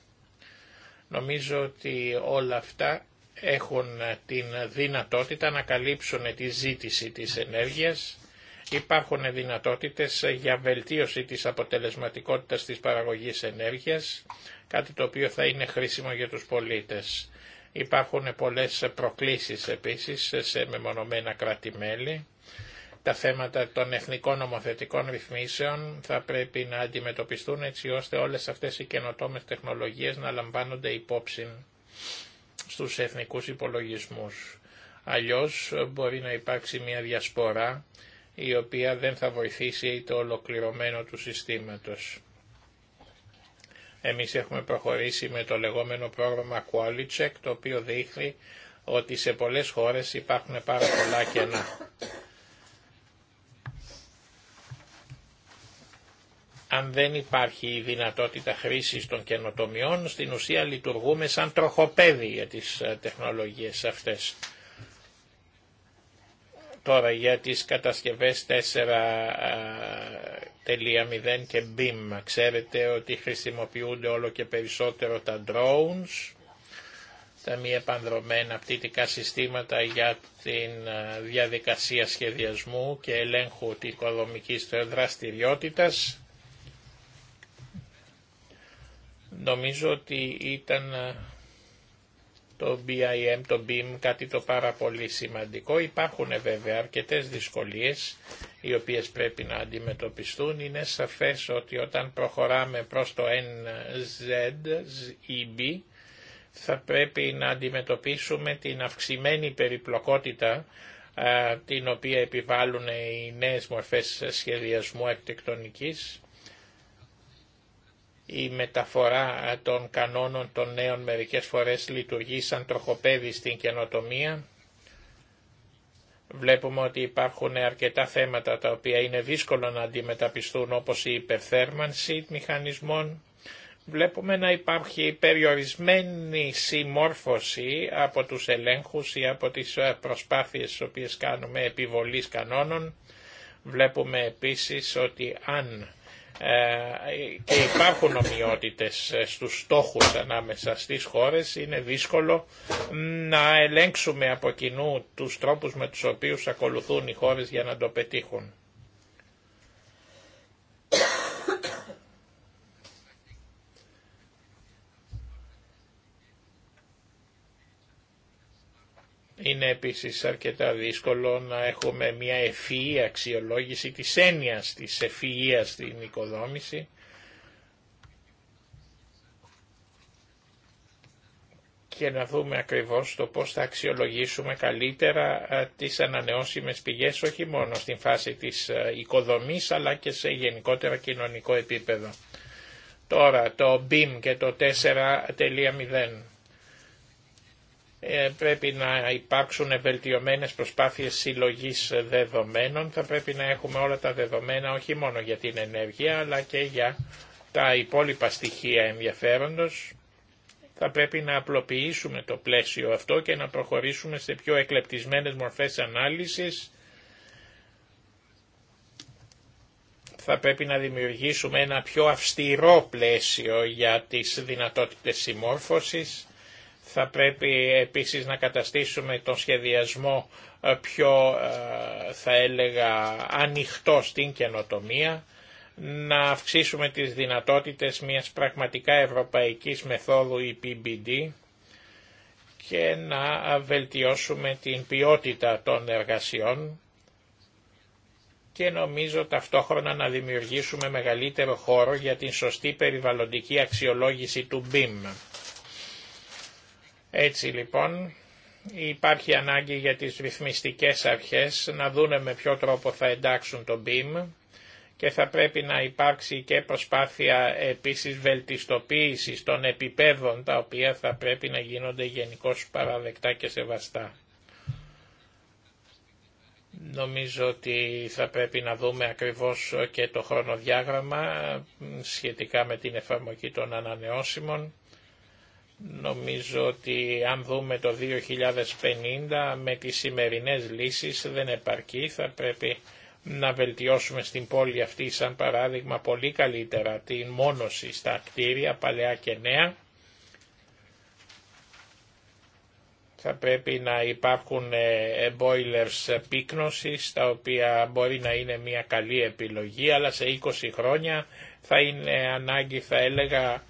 Νομίζω ότι όλα αυτά έχουν την δυνατότητα να καλύψουν τη ζήτηση της ενέργειας, υπάρχουν δυνατότητες για βελτίωση της αποτελεσματικότητας της παραγωγής ενέργειας, κάτι το οποίο θα είναι χρήσιμο για τους πολίτες. Υπάρχουν πολλές προκλήσεις επίσης σε μεμονωμένα κράτη-μέλη. Τα θέματα των εθνικών νομοθετικών ρυθμίσεων θα πρέπει να αντιμετωπιστούν έτσι ώστε όλες αυτές οι καινοτόμες τεχνολογίες να λαμβάνονται υπόψη στους εθνικούς υπολογισμούς. Αλλιώς μπορεί να υπάρξει μια διασπορά η οποία δεν θα βοηθήσει το ολοκληρωμένο του συστήματος. Εμείς έχουμε προχωρήσει με το λεγόμενο πρόγραμμα QualiCheck, το οποίο δείχνει ότι σε πολλές χώρες υπάρχουν πάρα πολλά κενά. Αν δεν υπάρχει η δυνατότητα χρήσης των καινοτομιών, στην ουσία λειτουργούμε σαν τροχοπέδι για τις ε, τεχνολογίες αυτές. Τώρα για τις κατασκευές 4.0 και BIM ξέρετε ότι χρησιμοποιούνται όλο και περισσότερο τα drones, τα μη επανδρομένα πτήτικα συστήματα για την διαδικασία σχεδιασμού και ελέγχου της οικοδομικής δραστηριότητας. Νομίζω ότι ήταν το BIM, το BIM, κάτι το πάρα πολύ σημαντικό. Υπάρχουν βέβαια αρκετές δυσκολίες οι οποίες πρέπει να αντιμετωπιστούν. Είναι σαφές ότι όταν προχωράμε προς το NZEB θα πρέπει να αντιμετωπίσουμε την αυξημένη περιπλοκότητα την οποία επιβάλλουν οι νέες μορφές σχεδιασμού εκτεκτονικής η μεταφορά των κανόνων των νέων μερικές φορές λειτουργεί σαν τροχοπέδι στην καινοτομία. Βλέπουμε ότι υπάρχουν αρκετά θέματα τα οποία είναι δύσκολο να αντιμεταπιστούν όπως η υπερθέρμανση μηχανισμών. Βλέπουμε να υπάρχει περιορισμένη συμμόρφωση από τους ελέγχους ή από τις προσπάθειες τις οποίες κάνουμε επιβολής κανόνων. Βλέπουμε επίσης ότι αν ε, και υπάρχουν ομοιότητες ε, στους στόχους ανάμεσα στις χώρες, είναι δύσκολο να ελέγξουμε από κοινού τους τρόπους με τους οποίους ακολουθούν οι χώρες για να το πετύχουν. είναι επίσης αρκετά δύσκολο να έχουμε μια ευφυή αξιολόγηση της έννοιας της ευφυΐας στην οικοδόμηση. και να δούμε ακριβώς το πώς θα αξιολογήσουμε καλύτερα τις ανανεώσιμες πηγές όχι μόνο στην φάση της οικοδομής αλλά και σε γενικότερα κοινωνικό επίπεδο. Τώρα το BIM και το 4.0 ε, πρέπει να υπάρξουν βελτιωμένες προσπάθειες συλλογής δεδομένων. Θα πρέπει να έχουμε όλα τα δεδομένα όχι μόνο για την ενέργεια αλλά και για τα υπόλοιπα στοιχεία ενδιαφέροντος. Θα πρέπει να απλοποιήσουμε το πλαίσιο αυτό και να προχωρήσουμε σε πιο εκλεπτισμένες μορφές ανάλυσης. Θα πρέπει να δημιουργήσουμε ένα πιο αυστηρό πλαίσιο για τις δυνατότητες συμμόρφωσης θα πρέπει επίσης να καταστήσουμε τον σχεδιασμό ε, πιο, ε, θα έλεγα, ανοιχτό στην καινοτομία, να αυξήσουμε τις δυνατότητες μιας πραγματικά ευρωπαϊκής μεθόδου IPBD e και να ε, βελτιώσουμε την ποιότητα των εργασιών και νομίζω ταυτόχρονα να δημιουργήσουμε μεγαλύτερο χώρο για την σωστή περιβαλλοντική αξιολόγηση του BIM. Έτσι λοιπόν υπάρχει ανάγκη για τις ρυθμιστικές αρχές να δούνε με ποιο τρόπο θα εντάξουν το BIM και θα πρέπει να υπάρξει και προσπάθεια επίσης βελτιστοποίησης των επιπέδων τα οποία θα πρέπει να γίνονται γενικώ παραδεκτά και σεβαστά. Νομίζω ότι θα πρέπει να δούμε ακριβώς και το χρονοδιάγραμμα σχετικά με την εφαρμογή των ανανεώσιμων Νομίζω ότι αν δούμε το 2050 με τις σημερινές λύσεις δεν επαρκεί, θα πρέπει να βελτιώσουμε στην πόλη αυτή σαν παράδειγμα πολύ καλύτερα την μόνωση στα κτίρια παλαιά και νέα. Θα πρέπει να υπάρχουν ε, boilers πύκνωσης, τα οποία μπορεί να είναι μια καλή επιλογή, αλλά σε 20 χρόνια θα είναι ανάγκη, θα έλεγα,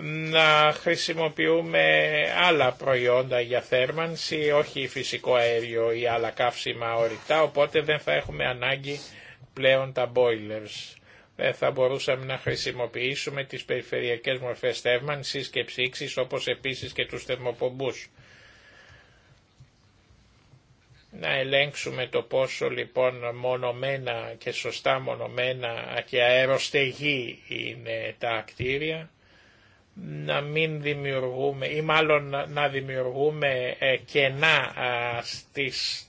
να χρησιμοποιούμε άλλα προϊόντα για θέρμανση, όχι φυσικό αέριο ή άλλα καύσιμα ορυκτά, οπότε δεν θα έχουμε ανάγκη πλέον τα boilers. Δεν θα μπορούσαμε να χρησιμοποιήσουμε τις περιφερειακές μορφές θέρμανσης και ψήξης, όπως επίσης και τους θερμοπομπούς. Να ελέγξουμε το πόσο λοιπόν μονομένα και σωστά μονομένα και αεροστεγή είναι τα ακτήρια να μην δημιουργούμε ή μάλλον να δημιουργούμε ε, κενά στις,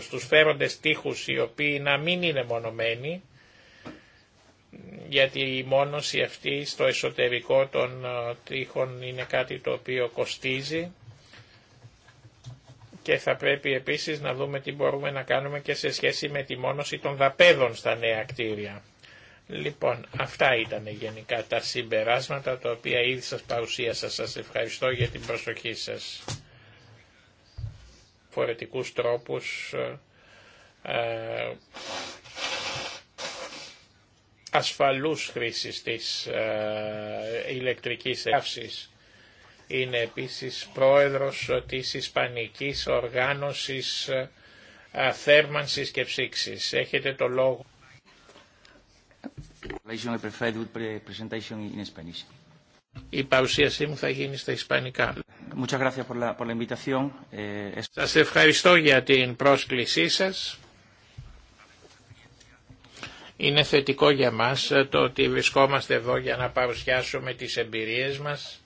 στους φέροντες τείχους οι οποίοι να μην είναι μονομένοι γιατί η μόνωση αυτή στο εσωτερικό των τείχων είναι κάτι το οποίο κοστίζει και θα πρέπει επίσης να δούμε τι μπορούμε να κάνουμε και σε σχέση με τη μόνωση των δαπέδων στα νέα κτίρια. Λοιπόν, αυτά ήταν γενικά τα συμπεράσματα τα οποία ήδη σας παρουσίασα. Σας ευχαριστώ για την προσοχή σας. Φορετικούς τρόπους ε, ε ασφαλούς χρήσης της ε, ηλεκτρικής Είναι επίσης πρόεδρος της Ισπανικής Οργάνωσης ε, Θέρμανσης και Ψήξης. Έχετε το λόγο. Η παρουσίασή μου θα γίνει στα Ισπανικά. Eh, σας ευχαριστώ για την πρόσκλησή σας. Είναι θετικό για μας ε, το ότι βρισκόμαστε εδώ για να παρουσιάσουμε τις εμπειρίες μας,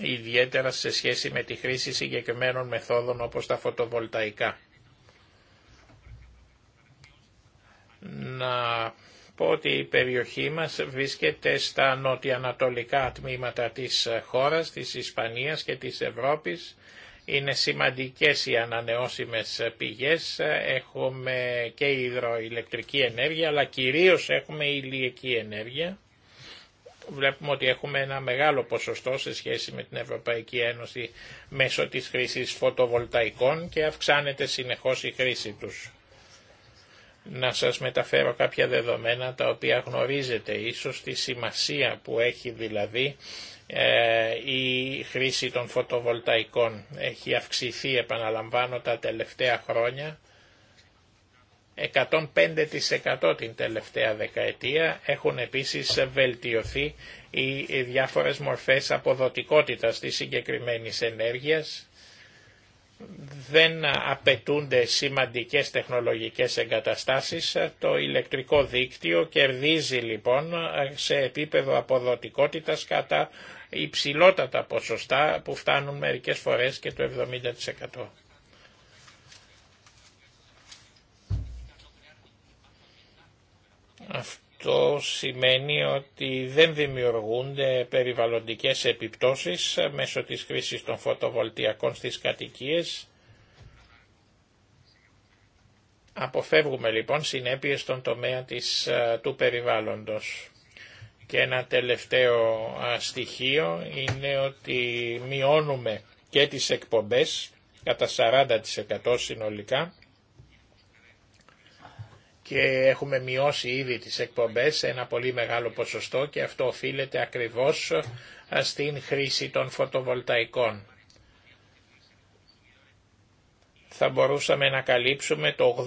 ιδιαίτερα σε σχέση με τη χρήση συγκεκριμένων μεθόδων όπως τα φωτοβολταϊκά. να πω ότι η περιοχή μας βρίσκεται στα νοτιοανατολικά τμήματα της χώρας, της Ισπανίας και της Ευρώπης. Είναι σημαντικές οι ανανεώσιμες πηγές, έχουμε και υδροηλεκτρική ενέργεια, αλλά κυρίως έχουμε ηλιακή ενέργεια. Βλέπουμε ότι έχουμε ένα μεγάλο ποσοστό σε σχέση με την Ευρωπαϊκή Ένωση μέσω της χρήσης φωτοβολταϊκών και αυξάνεται συνεχώς η χρήση τους να σας μεταφέρω κάποια δεδομένα τα οποία γνωρίζετε ίσως τη σημασία που έχει δηλαδή ε, η χρήση των φωτοβολταϊκών. Έχει αυξηθεί επαναλαμβάνω τα τελευταία χρόνια 105% την τελευταία δεκαετία έχουν επίσης βελτιωθεί οι διάφορες μορφές αποδοτικότητας της συγκεκριμένης ενέργειας δεν απαιτούνται σημαντικές τεχνολογικές εγκαταστάσεις. Το ηλεκτρικό δίκτυο κερδίζει λοιπόν σε επίπεδο αποδοτικότητας κατά υψηλότατα ποσοστά που φτάνουν μερικές φορές και το 70%. Αυτό το σημαίνει ότι δεν δημιουργούνται περιβαλλοντικές επιπτώσεις μέσω της χρήσης των φωτοβολτιακών στις κατοικίες. Αποφεύγουμε λοιπόν συνέπειες στον τομέα της, του περιβάλλοντος. Και ένα τελευταίο στοιχείο είναι ότι μειώνουμε και τις εκπομπές κατά 40% συνολικά και έχουμε μειώσει ήδη τις εκπομπές σε ένα πολύ μεγάλο ποσοστό και αυτό οφείλεται ακριβώς ε, στην χρήση των φωτοβολταϊκών. Θα μπορούσαμε να καλύψουμε το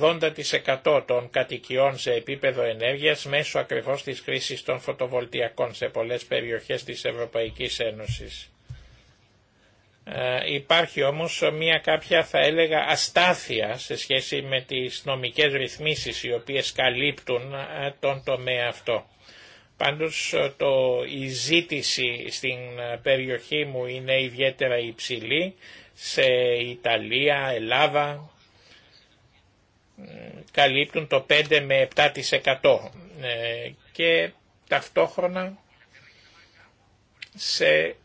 80% των κατοικιών σε επίπεδο ενέργειας μέσω ακριβώς της χρήσης των φωτοβολτιακών σε πολλές περιοχές της Ευρωπαϊκής Ένωσης. Ε, υπάρχει όμως μια κάποια θα έλεγα αστάθεια σε σχέση με τις νομικές ρυθμίσεις οι οποίες καλύπτουν ε, τον τομέα αυτό. Πάντως ε, το, η ζήτηση στην περιοχή μου είναι ιδιαίτερα υψηλή σε Ιταλία, Ελλάδα καλύπτουν το 5 με 7% και ταυτόχρονα σε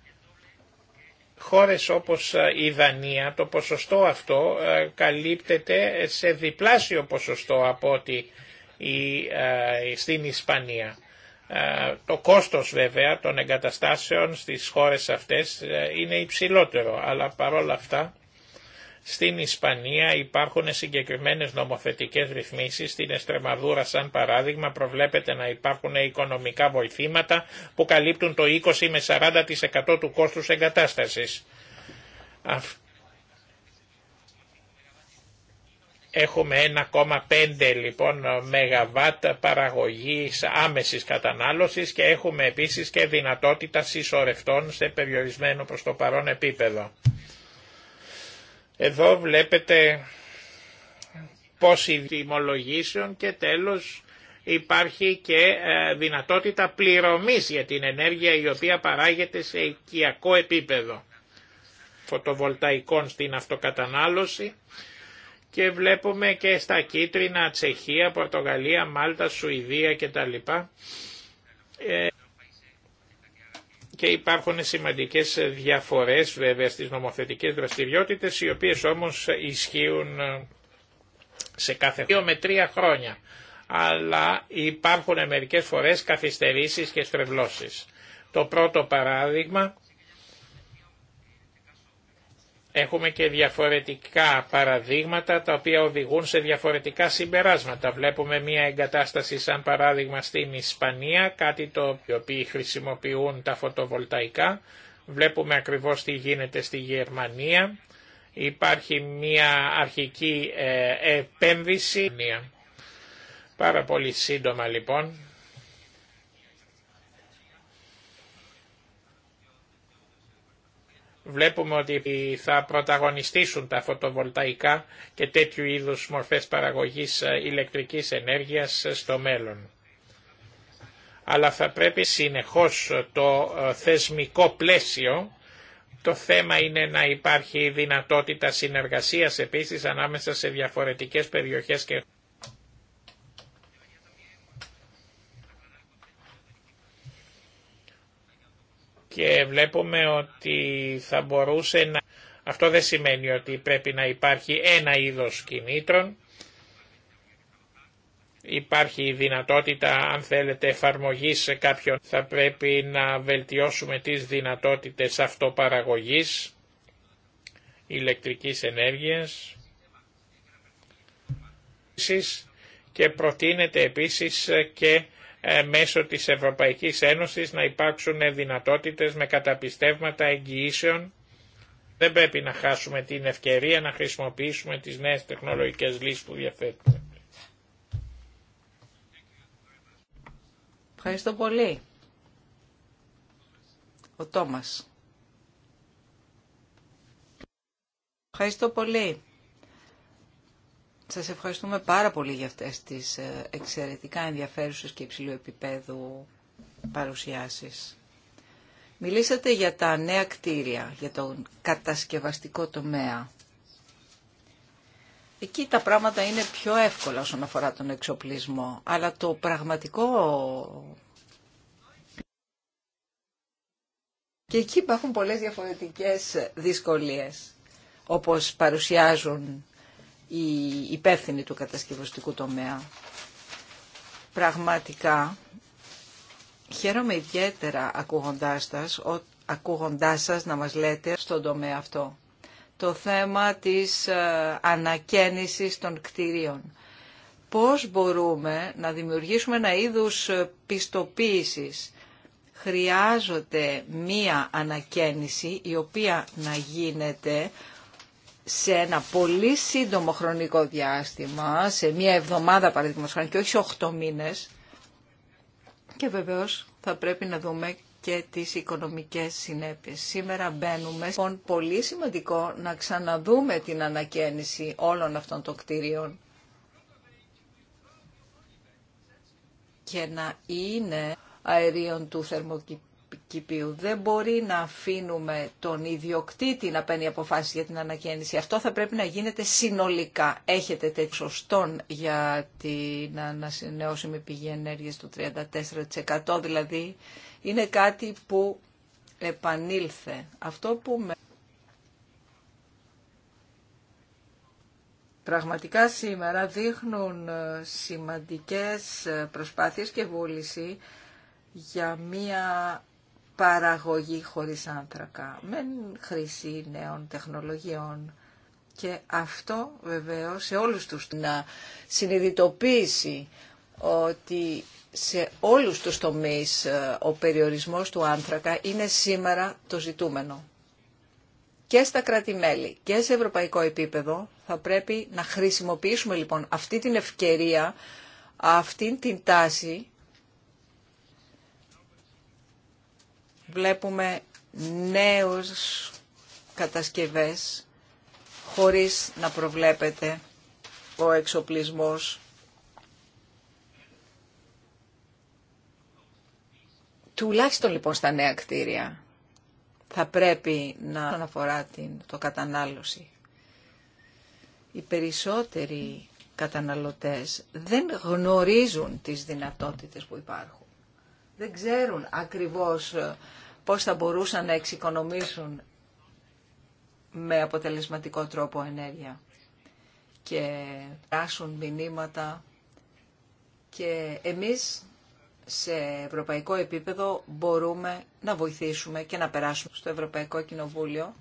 χώρες όπως ε, η Δανία το ποσοστό αυτό ε, καλύπτεται σε διπλάσιο ποσοστό από ότι ε, στην Ισπανία. Το κόστος βέβαια των εγκαταστάσεων στις χώρες αυτές είναι υψηλότερο, αλλά παρόλα αυτά στην Ισπανία υπάρχουν συγκεκριμένες νομοθετικές ρυθμίσεις, στην Εστρεμαδούρα σαν παράδειγμα προβλέπεται να υπάρχουν οικονομικά βοηθήματα που καλύπτουν το 20 με 40% του κόστους εγκατάστασης. Έχουμε 1,5 λοιπόν μεγαβάτ παραγωγής άμεσης κατανάλωσης και έχουμε επίσης και δυνατότητα συσσωρευτών σε περιορισμένο προς το παρόν επίπεδο. Εδώ βλέπετε πόση δημολογήσεων και τέλος υπάρχει και ε, δυνατότητα πληρωμής για την ενέργεια η οποία παράγεται σε οικιακό επίπεδο φωτοβολταϊκών στην αυτοκατανάλωση και βλέπουμε και στα κίτρινα Τσεχία, Πορτογαλία, Μάλτα, Σουηδία κτλ. Ε, και υπάρχουν σημαντικές διαφορές βέβαια στις νομοθετικές δραστηριότητες οι οποίες όμως ισχύουν ε, σε κάθε δύο με τρία χρόνια αλλά υπάρχουν μερικές φορές καθυστερήσεις και στρεβλώσεις. Το πρώτο παράδειγμα Έχουμε και διαφορετικά παραδείγματα τα οποία οδηγούν σε διαφορετικά συμπεράσματα. Βλέπουμε μια εγκατάσταση σαν παράδειγμα στην Ισπανία, κάτι το οποίο χρησιμοποιούν τα φωτοβολταϊκά. Βλέπουμε ακριβώς τι γίνεται στη Γερμανία. Υπάρχει μια αρχική ε, επένδυση. Πάρα πολύ σύντομα λοιπόν Βλέπουμε ότι θα πρωταγωνιστήσουν τα φωτοβολταϊκά και τέτοιου είδους μορφές παραγωγής ε, ηλεκτρικής ενέργειας ε, στο μέλλον. Αλλά θα πρέπει συνεχώς ε, το θεσμικό πλαίσιο το θέμα είναι να υπάρχει δυνατότητα συνεργασίας επίσης ανάμεσα σε διαφορετικές περιοχές και και βλέπουμε ότι θα μπορούσε να... Αυτό δεν σημαίνει ότι πρέπει να υπάρχει ένα είδος κινήτρων. Υπάρχει η δυνατότητα, αν θέλετε, εφαρμογή σε κάποιον. Θα πρέπει να βελτιώσουμε τις δυνατότητες αυτοπαραγωγής ηλεκτρικής ενέργειας. Και προτείνεται επίσης και ε, μέσω της Ευρωπαϊκής Ένωσης να υπάρξουν δυνατότητες με καταπιστεύματα εγγυήσεων. Δεν πρέπει να χάσουμε την ευκαιρία να χρησιμοποιήσουμε τις νέες τεχνολογικές λύσεις που διαθέτουμε. Ευχαριστώ πολύ. Ο Τόμας. Ευχαριστώ πολύ. Σας ευχαριστούμε πάρα πολύ για αυτές τις ε, εξαιρετικά ενδιαφέρουσες και υψηλού επίπεδου παρουσιάσεις. Μιλήσατε για τα νέα κτίρια, για τον κατασκευαστικό τομέα. Εκεί τα πράγματα είναι πιο εύκολα όσον αφορά τον εξοπλισμό, αλλά το πραγματικό... Και εκεί υπάρχουν πολλές διαφορετικές δυσκολίες, όπως παρουσιάζουν η υπεύθυνη του κατασκευαστικού τομέα. Πραγματικά χαίρομαι ιδιαίτερα ακούγοντάς, σας, ακούγοντάς να μας λέτε στον τομέα αυτό. Το θέμα της ε, ανακαίνησης των κτηρίων. Πώς μπορούμε να δημιουργήσουμε ένα είδους ε, πιστοποίησης. Χρειάζεται μία ανακαίνιση η οποία να γίνεται σε ένα πολύ σύντομο χρονικό διάστημα, σε μία εβδομάδα παραδείγματος χάρη και όχι σε οχτώ μήνες. Και βεβαίως θα πρέπει να δούμε και τις οικονομικές συνέπειες. Σήμερα μπαίνουμε, λοιπόν, πολύ σημαντικό να ξαναδούμε την ανακαίνιση όλων αυτών των κτίριων και να είναι αερίων του θερμοκηπίου Κηπίου. Δεν μπορεί να αφήνουμε τον ιδιοκτήτη να παίρνει αποφάσεις για την ανακαίνιση. Αυτό θα πρέπει να γίνεται συνολικά. Έχετε τέτοιο για την ανασυνεώσιμη πηγή ενέργεια του 34%. Δηλαδή είναι κάτι που επανήλθε. Αυτό που με... Πραγματικά σήμερα δείχνουν ε, σημαντικές ε, προσπάθειες και βούληση για μία παραγωγή χωρίς άνθρακα, με χρήση νέων τεχνολογιών. Και αυτό βεβαίως σε όλους τους να συνειδητοποιήσει ότι σε όλους τους τομείς ε, ο περιορισμός του άνθρακα είναι σήμερα το ζητούμενο. Και στα κράτη-μέλη και σε ευρωπαϊκό επίπεδο θα πρέπει να χρησιμοποιήσουμε λοιπόν αυτή την ευκαιρία, αυτή την τάση βλέπουμε νέους κατασκευές χωρίς να προβλέπεται ο εξοπλισμός τουλάχιστον λοιπόν στα νέα κτίρια θα πρέπει να αναφορά την το κατανάλωση. Οι περισσότεροι καταναλωτές δεν γνωρίζουν τις δυνατότητες που υπάρχουν. Δεν ξέρουν ακριβώς ε, πώς θα μπορούσαν να εξοικονομήσουν με αποτελεσματικό τρόπο ενέργεια και δράσουν μηνύματα και εμείς σε ευρωπαϊκό επίπεδο μπορούμε να βοηθήσουμε και να περάσουμε στο Ευρωπαϊκό Κοινοβούλιο.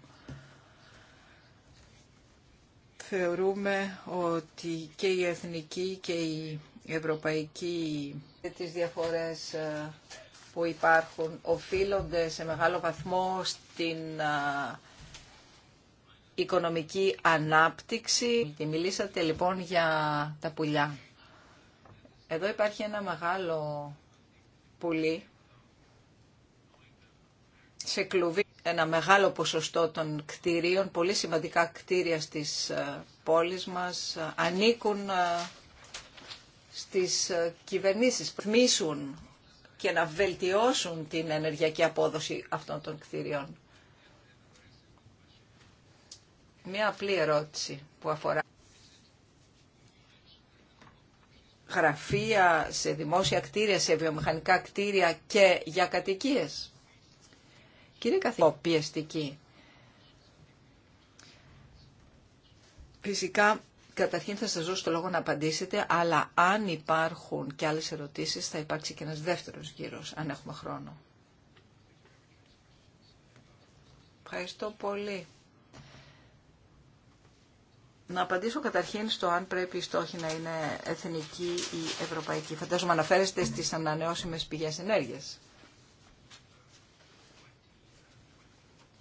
Θεωρούμε ότι και η εθνική και η ευρωπαϊκή ε, τις διαφορές ε, που υπάρχουν οφείλονται σε μεγάλο βαθμό στην οικονομική ανάπτυξη. Και μιλήσατε λοιπόν για τα πουλιά. Εδώ υπάρχει ένα μεγάλο πουλί σε κλουβί. Ένα μεγάλο ποσοστό των κτηρίων, πολύ σημαντικά κτίρια στις πόλεις μας, ανήκουν στις κυβερνήσεις, πρμίσουν και να βελτιώσουν την ενεργειακή απόδοση αυτών των κτίριων. Μία απλή ερώτηση που αφορά γραφεία σε δημόσια κτίρια, σε βιομηχανικά κτίρια και για κατοικίες. Κύριε Καθηγητή, πιεστική. Φυσικά Καταρχήν θα σας δώσω το λόγο να απαντήσετε, αλλά αν υπάρχουν και άλλες ερωτήσεις θα υπάρξει και ένας δεύτερος γύρος, αν έχουμε χρόνο. Ευχαριστώ πολύ. Να απαντήσω καταρχήν στο αν πρέπει η στόχη να είναι εθνική ή ευρωπαϊκή. Φαντάζομαι αναφέρεστε στις ανανεώσιμες πηγές ενέργειας.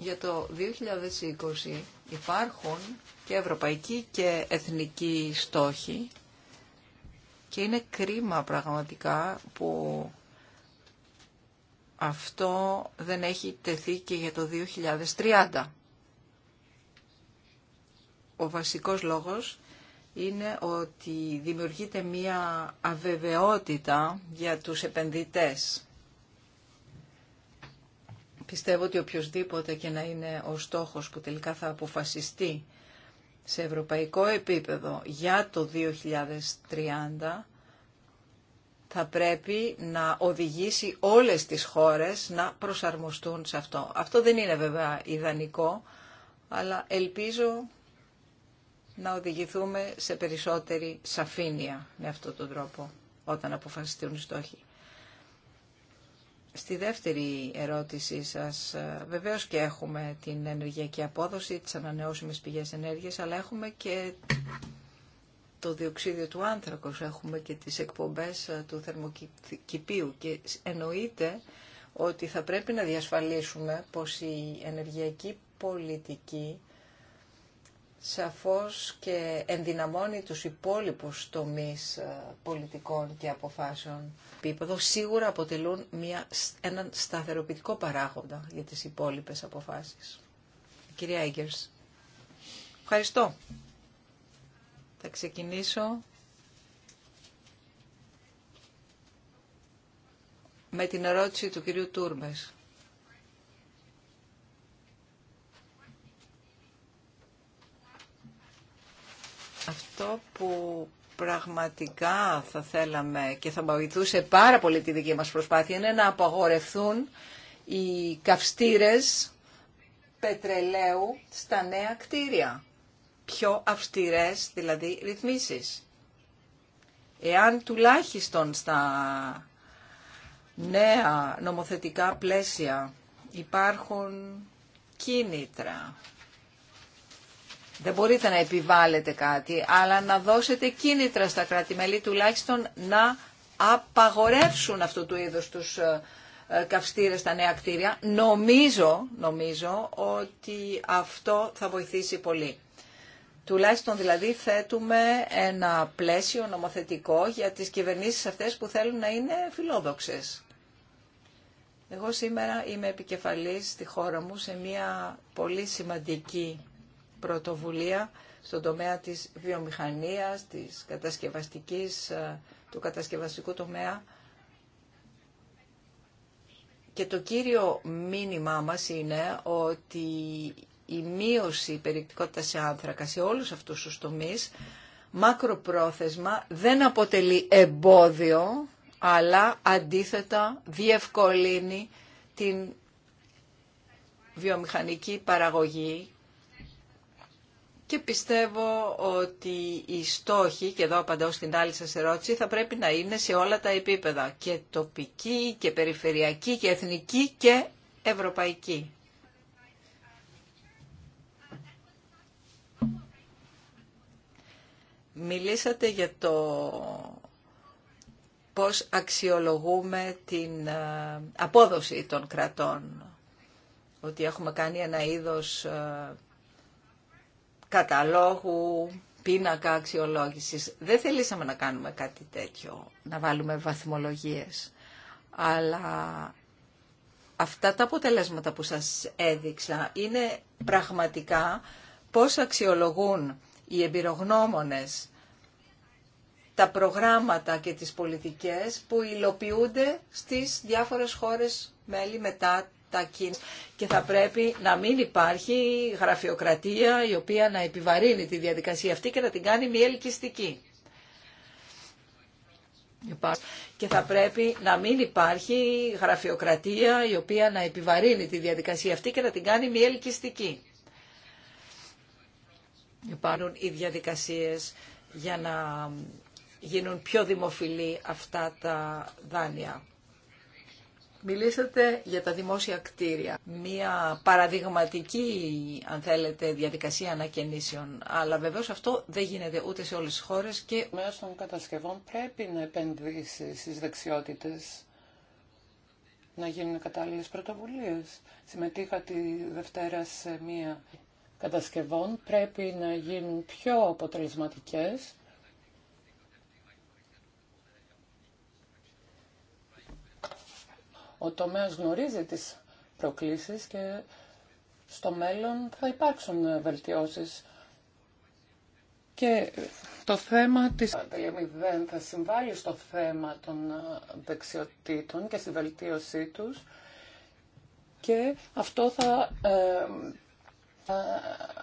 για το 2020 υπάρχουν και ευρωπαϊκοί και εθνικοί στόχοι και είναι κρίμα πραγματικά που αυτό δεν έχει τεθεί και για το 2030. Ο βασικός λόγος είναι ότι δημιουργείται μία αβεβαιότητα για τους επενδυτές. Πιστεύω ότι οποιοδήποτε και να είναι ο στόχος που τελικά θα αποφασιστεί σε ευρωπαϊκό επίπεδο για το 2030 θα πρέπει να οδηγήσει όλες τις χώρες να προσαρμοστούν σε αυτό. Αυτό δεν είναι βέβαια ιδανικό, αλλά ελπίζω να οδηγηθούμε σε περισσότερη σαφήνεια με αυτόν τον τρόπο όταν αποφασιστούν οι στόχοι. Στη δεύτερη ερώτησή σας, ε, βεβαίως και έχουμε την ενεργειακή απόδοση, τις ανανεώσιμες πηγές ενέργειας, αλλά έχουμε και το διοξίδιο του άνθρακος, έχουμε και τις εκπομπές ε, του θερμοκηπίου και εννοείται ότι θα πρέπει να διασφαλίσουμε πως η ενεργειακή πολιτική σαφώς και ενδυναμώνει τους υπόλοιπους τομείς ε, πολιτικών και αποφάσεων επίπεδο, σίγουρα αποτελούν μια, έναν σταθεροποιητικό παράγοντα για τις υπόλοιπες αποφάσεις. Κυρία Έγκερς, ευχαριστώ. Θα ξεκινήσω με την ερώτηση του κυρίου Τούρμες. Αυτό που πραγματικά θα θέλαμε και θα βοηθούσε πάρα πολύ τη δική μας προσπάθεια είναι να απαγορευθούν οι καυστήρες πετρελαίου στα νέα κτίρια. Πιο αυστηρές δηλαδή ρυθμίσεις. Εάν τουλάχιστον στα νέα νομοθετικά πλαίσια υπάρχουν κίνητρα δεν μπορείτε να επιβάλλετε κάτι, αλλά να δώσετε κίνητρα στα κράτη-μέλη τουλάχιστον να απαγορεύσουν αυτού του είδους τους ε, ε, καυστήρες στα νέα κτίρια. Νομίζω, νομίζω ότι αυτό θα βοηθήσει πολύ. Τουλάχιστον δηλαδή θέτουμε ένα πλαίσιο νομοθετικό για τις κυβερνήσεις αυτές που θέλουν να είναι φιλόδοξες. Εγώ σήμερα είμαι επικεφαλής στη χώρα μου σε μια πολύ σημαντική πρωτοβουλία στον τομέα της βιομηχανίας, της κατασκευαστικής, ε, του κατασκευαστικού τομέα. Και το κύριο μήνυμά μας είναι ότι η μείωση περιεκτικότητας σε άνθρακα σε όλους αυτούς τους τομείς, μακροπρόθεσμα, δεν αποτελεί εμπόδιο, αλλά αντίθετα διευκολύνει την βιομηχανική παραγωγή και πιστεύω ότι οι στόχοι, και εδώ απαντώ στην άλλη σας ερώτηση, θα πρέπει να είναι σε όλα τα επίπεδα, και τοπική, και περιφερειακή, και εθνική, και ευρωπαϊκή. Μιλήσατε για το πώς αξιολογούμε την ε, απόδοση των κρατών, ότι έχουμε κάνει ένα είδος ε, καταλόγου, πίνακα αξιολόγησης. Δεν θελήσαμε να κάνουμε κάτι τέτοιο, να βάλουμε βαθμολογίες. Αλλά αυτά τα αποτελέσματα που σας έδειξα είναι πραγματικά πώς αξιολογούν οι εμπειρογνώμονες τα προγράμματα και τις πολιτικές που υλοποιούνται στις διάφορες χώρες μέλη μετά τα και θα πρέπει να μην υπάρχει γραφειοκρατία η οποία να επιβαρύνει τη διαδικασία αυτή και να την κάνει μη ελκυστική. Και θα πρέπει να μην υπάρχει γραφειοκρατία η οποία να επιβαρύνει τη διαδικασία αυτή και να την κάνει μη ελκυστική. Υπάρχουν οι διαδικασίες για να γίνουν πιο δημοφιλή αυτά τα δάνεια. Μιλήσατε για τα δημόσια κτίρια. Μία παραδειγματική, αν θέλετε, διαδικασία ανακαινήσεων. Αλλά βεβαίως αυτό δεν γίνεται ούτε σε όλες τις χώρες και... μέσω των κατασκευών πρέπει να επενδύσει στις δεξιότητες να γίνουν κατάλληλες πρωτοβουλίες. Συμμετείχα τη Δευτέρα σε μία κατασκευών. Πρέπει να γίνουν πιο αποτελεσματικές Ο τομέας γνωρίζει τις προκλήσεις και στο μέλλον θα υπάρξουν βελτιώσεις. Και το θέμα της δεν θα συμβάλλει στο θέμα των δεξιοτήτων και στη βελτίωσή τους και αυτό θα, ε, θα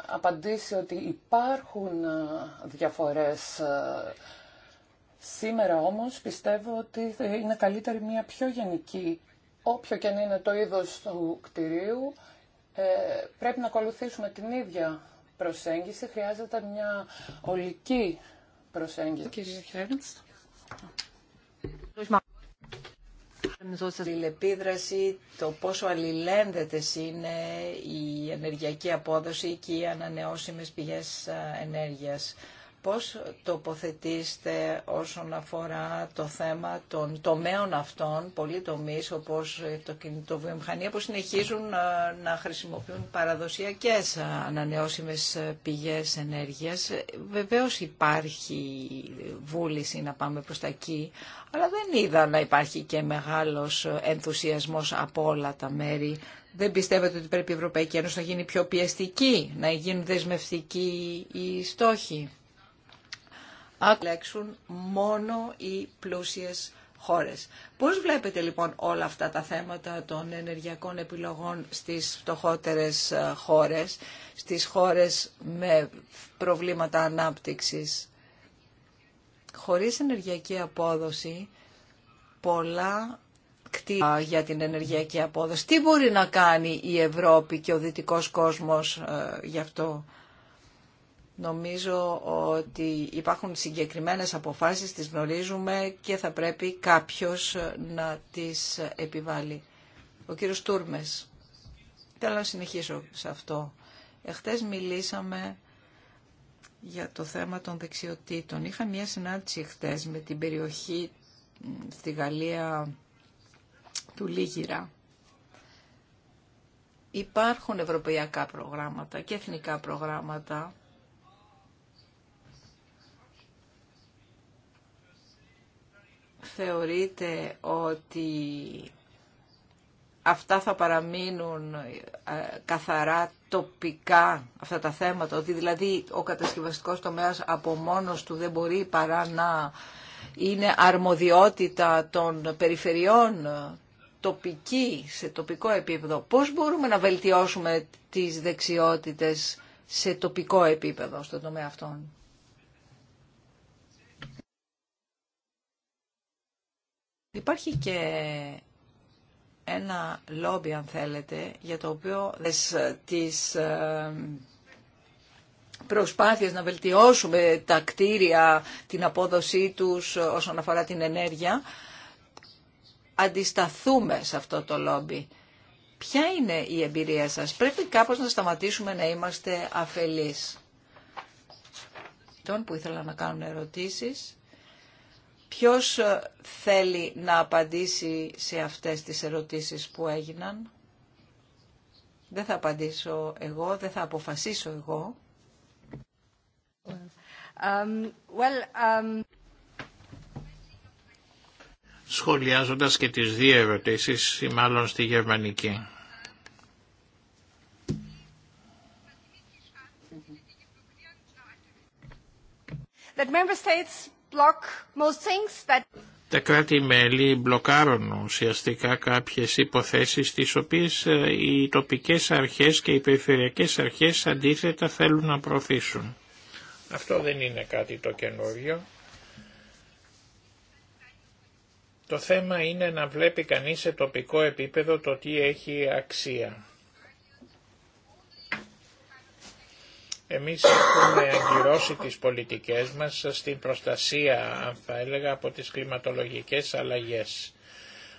απαντήσει ότι υπάρχουν ε, διαφορές ε, Σήμερα όμως πιστεύω ότι είναι καλύτερη μια πιο γενική Όποιο και αν είναι το είδος του κτηρίου, ε, πρέπει να ακολουθήσουμε την ίδια προσέγγιση. Χρειάζεται μια ολική προσέγγιση. Κύριε η επίδραση, το πόσο αλληλένδετες είναι η ενεργειακή απόδοση και οι ανανεώσιμες πηγές ε, ενέργειας πώς τοποθετήστε όσον αφορά το θέμα των τομέων αυτών, πολλοί τομείς όπως το κινητοβιομηχανία που συνεχίζουν να, να χρησιμοποιούν παραδοσιακές ανανεώσιμες πηγές ενέργειας. Βεβαίως υπάρχει βούληση να πάμε προς τα εκεί, αλλά δεν είδα να υπάρχει και μεγάλος ενθουσιασμός από όλα τα μέρη δεν πιστεύετε ότι πρέπει η Ευρωπαϊκή Ένωση να γίνει πιο πιεστική, να γίνουν δεσμευτικοί οι στόχοι αλέξουν μόνο οι πλούσιες χώρες. Πώς βλέπετε λοιπόν όλα αυτά τα θέματα των ενεργειακών επιλογών στις φτωχότερες ε, χώρες, στις χώρες με προβλήματα ανάπτυξης. Χωρίς ενεργειακή απόδοση, πολλά κτίρια για την ενεργειακή απόδοση. Τι μπορεί να κάνει η Ευρώπη και ο δυτικός κόσμος ε, γι' αυτό. Νομίζω ότι υπάρχουν συγκεκριμένες αποφάσεις, τις γνωρίζουμε και θα πρέπει κάποιος να τις επιβάλλει. Ο κύριος Τούρμες. Θέλω να συνεχίσω σε αυτό. Εχθές μιλήσαμε για το θέμα των δεξιοτήτων. Είχα μια συνάντηση χτες με την περιοχή στη Γαλλία του Λίγυρα. Υπάρχουν ευρωπαϊκά προγράμματα και εθνικά προγράμματα θεωρείτε ότι αυτά θα παραμείνουν ε, καθαρά τοπικά αυτά τα θέματα, ότι δηλαδή ο κατασκευαστικός τομέας από μόνος του δεν μπορεί παρά να είναι αρμοδιότητα των περιφερειών ε, τοπική, σε τοπικό επίπεδο. Πώς μπορούμε να βελτιώσουμε τις δεξιότητες σε τοπικό επίπεδο στον τομέα αυτόν. Υπάρχει και ένα λόμπι, αν θέλετε, για το οποίο τις ε, προσπάθειες να βελτιώσουμε τα κτίρια, την απόδοσή τους ε, όσον αφορά την ενέργεια, αντισταθούμε σε αυτό το λόμπι. Ποια είναι η εμπειρία σας. Πρέπει κάπως να σταματήσουμε να είμαστε αφελείς. Τον που ήθελα να κάνουν ερωτήσεις. Ποιος ε, θέλει να απαντήσει σε αυτές τις ερωτήσεις που έγιναν. Δεν θα απαντήσω εγώ, δεν θα αποφασίσω εγώ. Um, Σχολιάζοντας και τις δύο ερωτήσεις, ή μάλλον στη γερμανική. member states τα κράτη-μέλη μπλοκάρουν ουσιαστικά κάποιες υποθέσεις τις οποίες ε, οι τοπικές αρχές και οι περιφερειακές αρχές αντίθετα θέλουν να προωθήσουν. Αυτό δεν είναι κάτι το καινούριο. Το θέμα είναι να βλέπει κανείς σε τοπικό επίπεδο το τι έχει αξία. Εμείς έχουμε αγκυρώσει τις πολιτικές μας στην προστασία, αν θα έλεγα, από τις κλιματολογικές αλλαγές.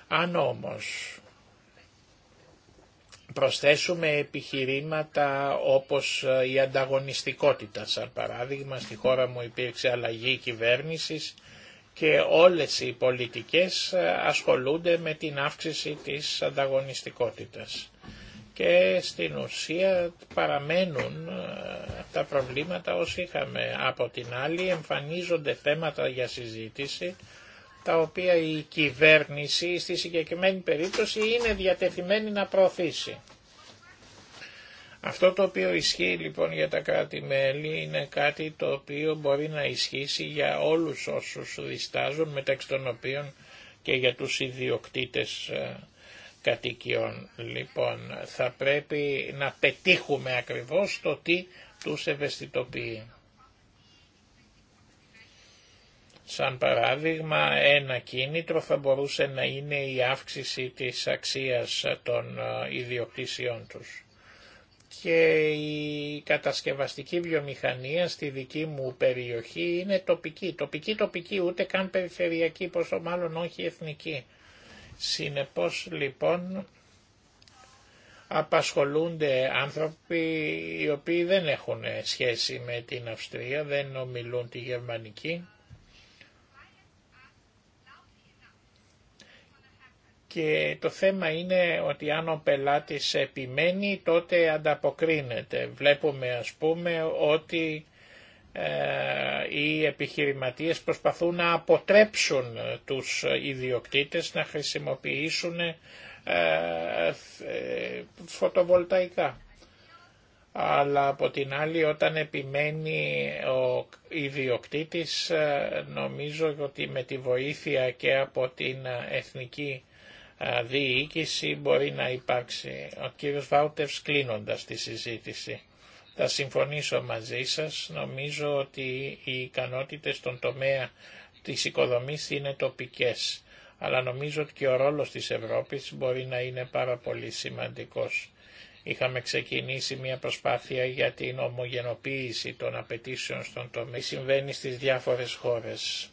Αν όμως προσθέσουμε επιχειρήματα όπως η ανταγωνιστικότητα, σαν παράδειγμα, στη χώρα μου υπήρξε αλλαγή κυβέρνησης και όλες οι πολιτικές ασχολούνται με την αύξηση της ανταγωνιστικότητας και στην ουσία παραμένουν ε, τα προβλήματα όσοι είχαμε. Από την άλλη εμφανίζονται θέματα για συζήτηση τα οποία η κυβέρνηση στη συγκεκριμένη περίπτωση είναι διατεθειμένη να προωθήσει. Αυτό το οποίο ισχύει λοιπόν για τα κράτη-μέλη είναι κάτι το οποίο μπορεί να ισχύσει για όλους όσους διστάζουν μεταξύ των οποίων και για τους ιδιοκτήτες ε, κατοικιών. Λοιπόν, θα πρέπει να πετύχουμε ακριβώς το τι τους ευαισθητοποιεί. Σαν παράδειγμα, ένα κίνητρο θα μπορούσε να είναι η αύξηση της αξίας των ε, ιδιοκτήσεών τους. Και η κατασκευαστική βιομηχανία στη δική μου περιοχή είναι τοπική. Τοπική, τοπική, ούτε καν περιφερειακή, πόσο μάλλον όχι εθνική. Συνεπώς λοιπόν απασχολούνται άνθρωποι οι οποίοι δεν έχουν σχέση με την Αυστρία, δεν ομιλούν τη γερμανική και το θέμα είναι ότι αν ο πελάτης επιμένει τότε ανταποκρίνεται. Βλέπουμε ας πούμε ότι ε, οι επιχειρηματίες προσπαθούν να αποτρέψουν ε, τους ε, ιδιοκτήτες να χρησιμοποιήσουν φωτοβολταϊκά. Αλλά από την άλλη όταν επιμένει ο ιδιοκτήτης νομίζω ότι με τη βοήθεια και από την εθνική διοίκηση μπορεί να υπάρξει. Ο κύριος Βάουτευς κλείνοντας τη συζήτηση. Θα συμφωνήσω μαζί σας. Νομίζω ότι οι ικανότητες στον τομέα της οικοδομής είναι τοπικές. Αλλά νομίζω ότι και ο ρόλος της Ευρώπης μπορεί να είναι πάρα πολύ σημαντικός. Είχαμε ξεκινήσει μια προσπάθεια για την ομογενοποίηση των απαιτήσεων στον τομέα. Συμβαίνει στις διάφορες χώρες.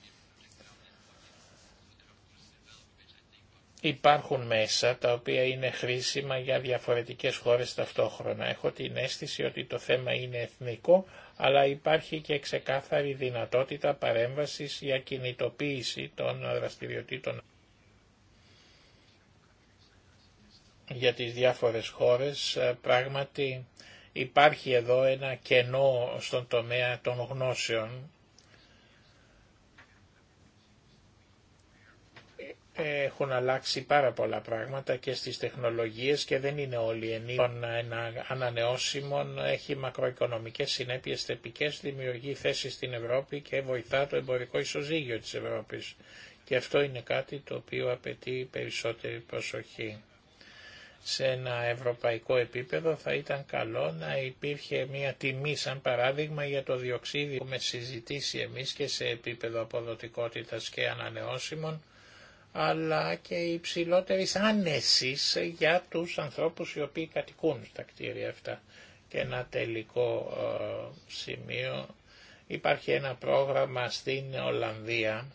υπάρχουν μέσα τα οποία είναι χρήσιμα για διαφορετικές χώρες ταυτόχρονα. Έχω την αίσθηση ότι το θέμα είναι εθνικό, αλλά υπάρχει και ξεκάθαρη δυνατότητα παρέμβασης για κινητοποίηση των δραστηριοτήτων. Για τις διάφορες χώρες πράγματι υπάρχει εδώ ένα κενό στον τομέα των γνώσεων έχουν αλλάξει πάρα πολλά πράγματα και στις τεχνολογίες και δεν είναι όλοι ενήλικοι ένα ανανεώσιμων, έχει μακροοικονομικές συνέπειες θεπικές δημιουργεί θέσεις στην Ευρώπη και βοηθά το εμπορικό ισοζύγιο της Ευρώπης. Και αυτό είναι κάτι το οποίο απαιτεί περισσότερη προσοχή. Σε ένα ευρωπαϊκό επίπεδο θα ήταν καλό να υπήρχε μια τιμή σαν παράδειγμα για το διοξίδιο που με συζητήσει εμείς και σε επίπεδο αποδοτικότητας και ανανεώσιμων αλλά και υψηλότερης άνεσης για τους ανθρώπους οι οποίοι κατοικούν στα κτίρια αυτά. Και ένα τελικό ε, σημείο, υπάρχει ένα πρόγραμμα στην Ολλανδία,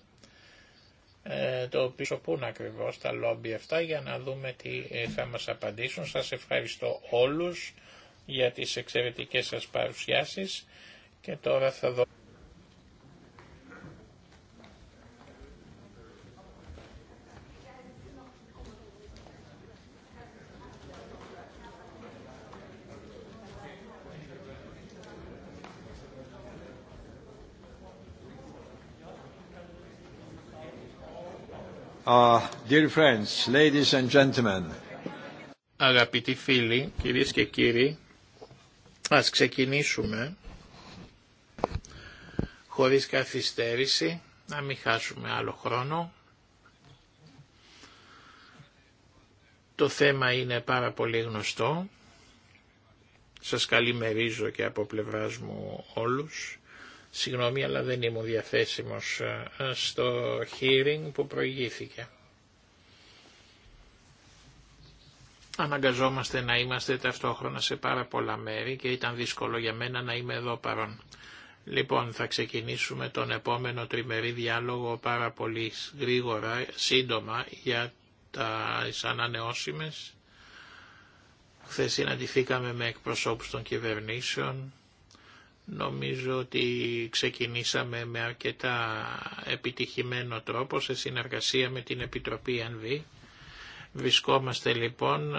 ε, το οποίο σοπούν ακριβώς τα λόμπι αυτά για να δούμε τι ε, θα μας απαντήσουν. Σας ευχαριστώ όλους για τις εξαιρετικές σας παρουσιάσεις και τώρα θα δω... Uh, Αγαπητοί φίλοι, κυρίες και κύριοι, ας ξεκινήσουμε χωρίς καθυστέρηση, να μην χάσουμε άλλο χρόνο. Το θέμα είναι πάρα πολύ γνωστό. Σας καλημερίζω και από πλευράς μου όλους. Συγγνώμη, αλλά δεν ήμουν διαθέσιμος ε, ε, στο hearing που προηγήθηκε. Αναγκαζόμαστε να είμαστε ταυτόχρονα σε πάρα πολλά μέρη και ήταν δύσκολο για μένα να είμαι εδώ παρόν. Λοιπόν, θα ξεκινήσουμε τον επόμενο τριμερή διάλογο πάρα πολύ γρήγορα, σύντομα, για τα ανανεώσιμες. Χθε συναντηθήκαμε με εκπροσώπους των κυβερνήσεων, Νομίζω ότι ξεκινήσαμε με αρκετά επιτυχημένο τρόπο σε συνεργασία με την Επιτροπή ΕΝΒΗ. Βρισκόμαστε λοιπόν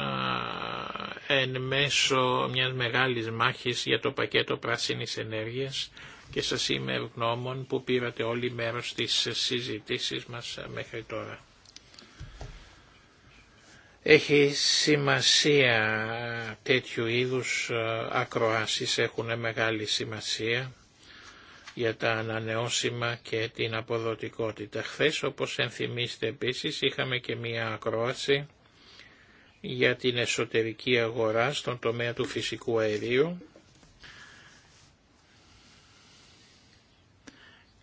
εν μέσω μιας μεγάλης μάχης για το πακέτο πράσινης ενέργειας και σας είμαι ευγνώμων που πήρατε όλοι μέρος στις συζητήσεις μας μέχρι τώρα. Έχει σημασία τέτοιου είδους ε, ακροάσεις, έχουν μεγάλη σημασία για τα ανανεώσιμα και την αποδοτικότητα. Χθε, όπως ενθυμίστε επίσης, είχαμε και μία ακρόαση για την εσωτερική αγορά στον τομέα του φυσικού αερίου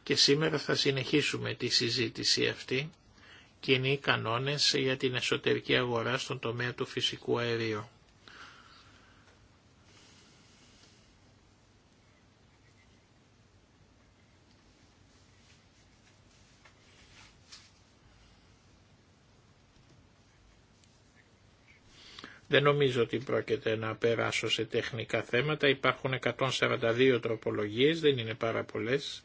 και σήμερα θα συνεχίσουμε τη συζήτηση αυτή κοινοί κανόνες για την εσωτερική αγορά στον τομέα του φυσικού αερίου. Δεν νομίζω ότι πρόκειται να περάσω σε τεχνικά θέματα. Υπάρχουν 142 τροπολογίες, δεν είναι πάρα πολλές.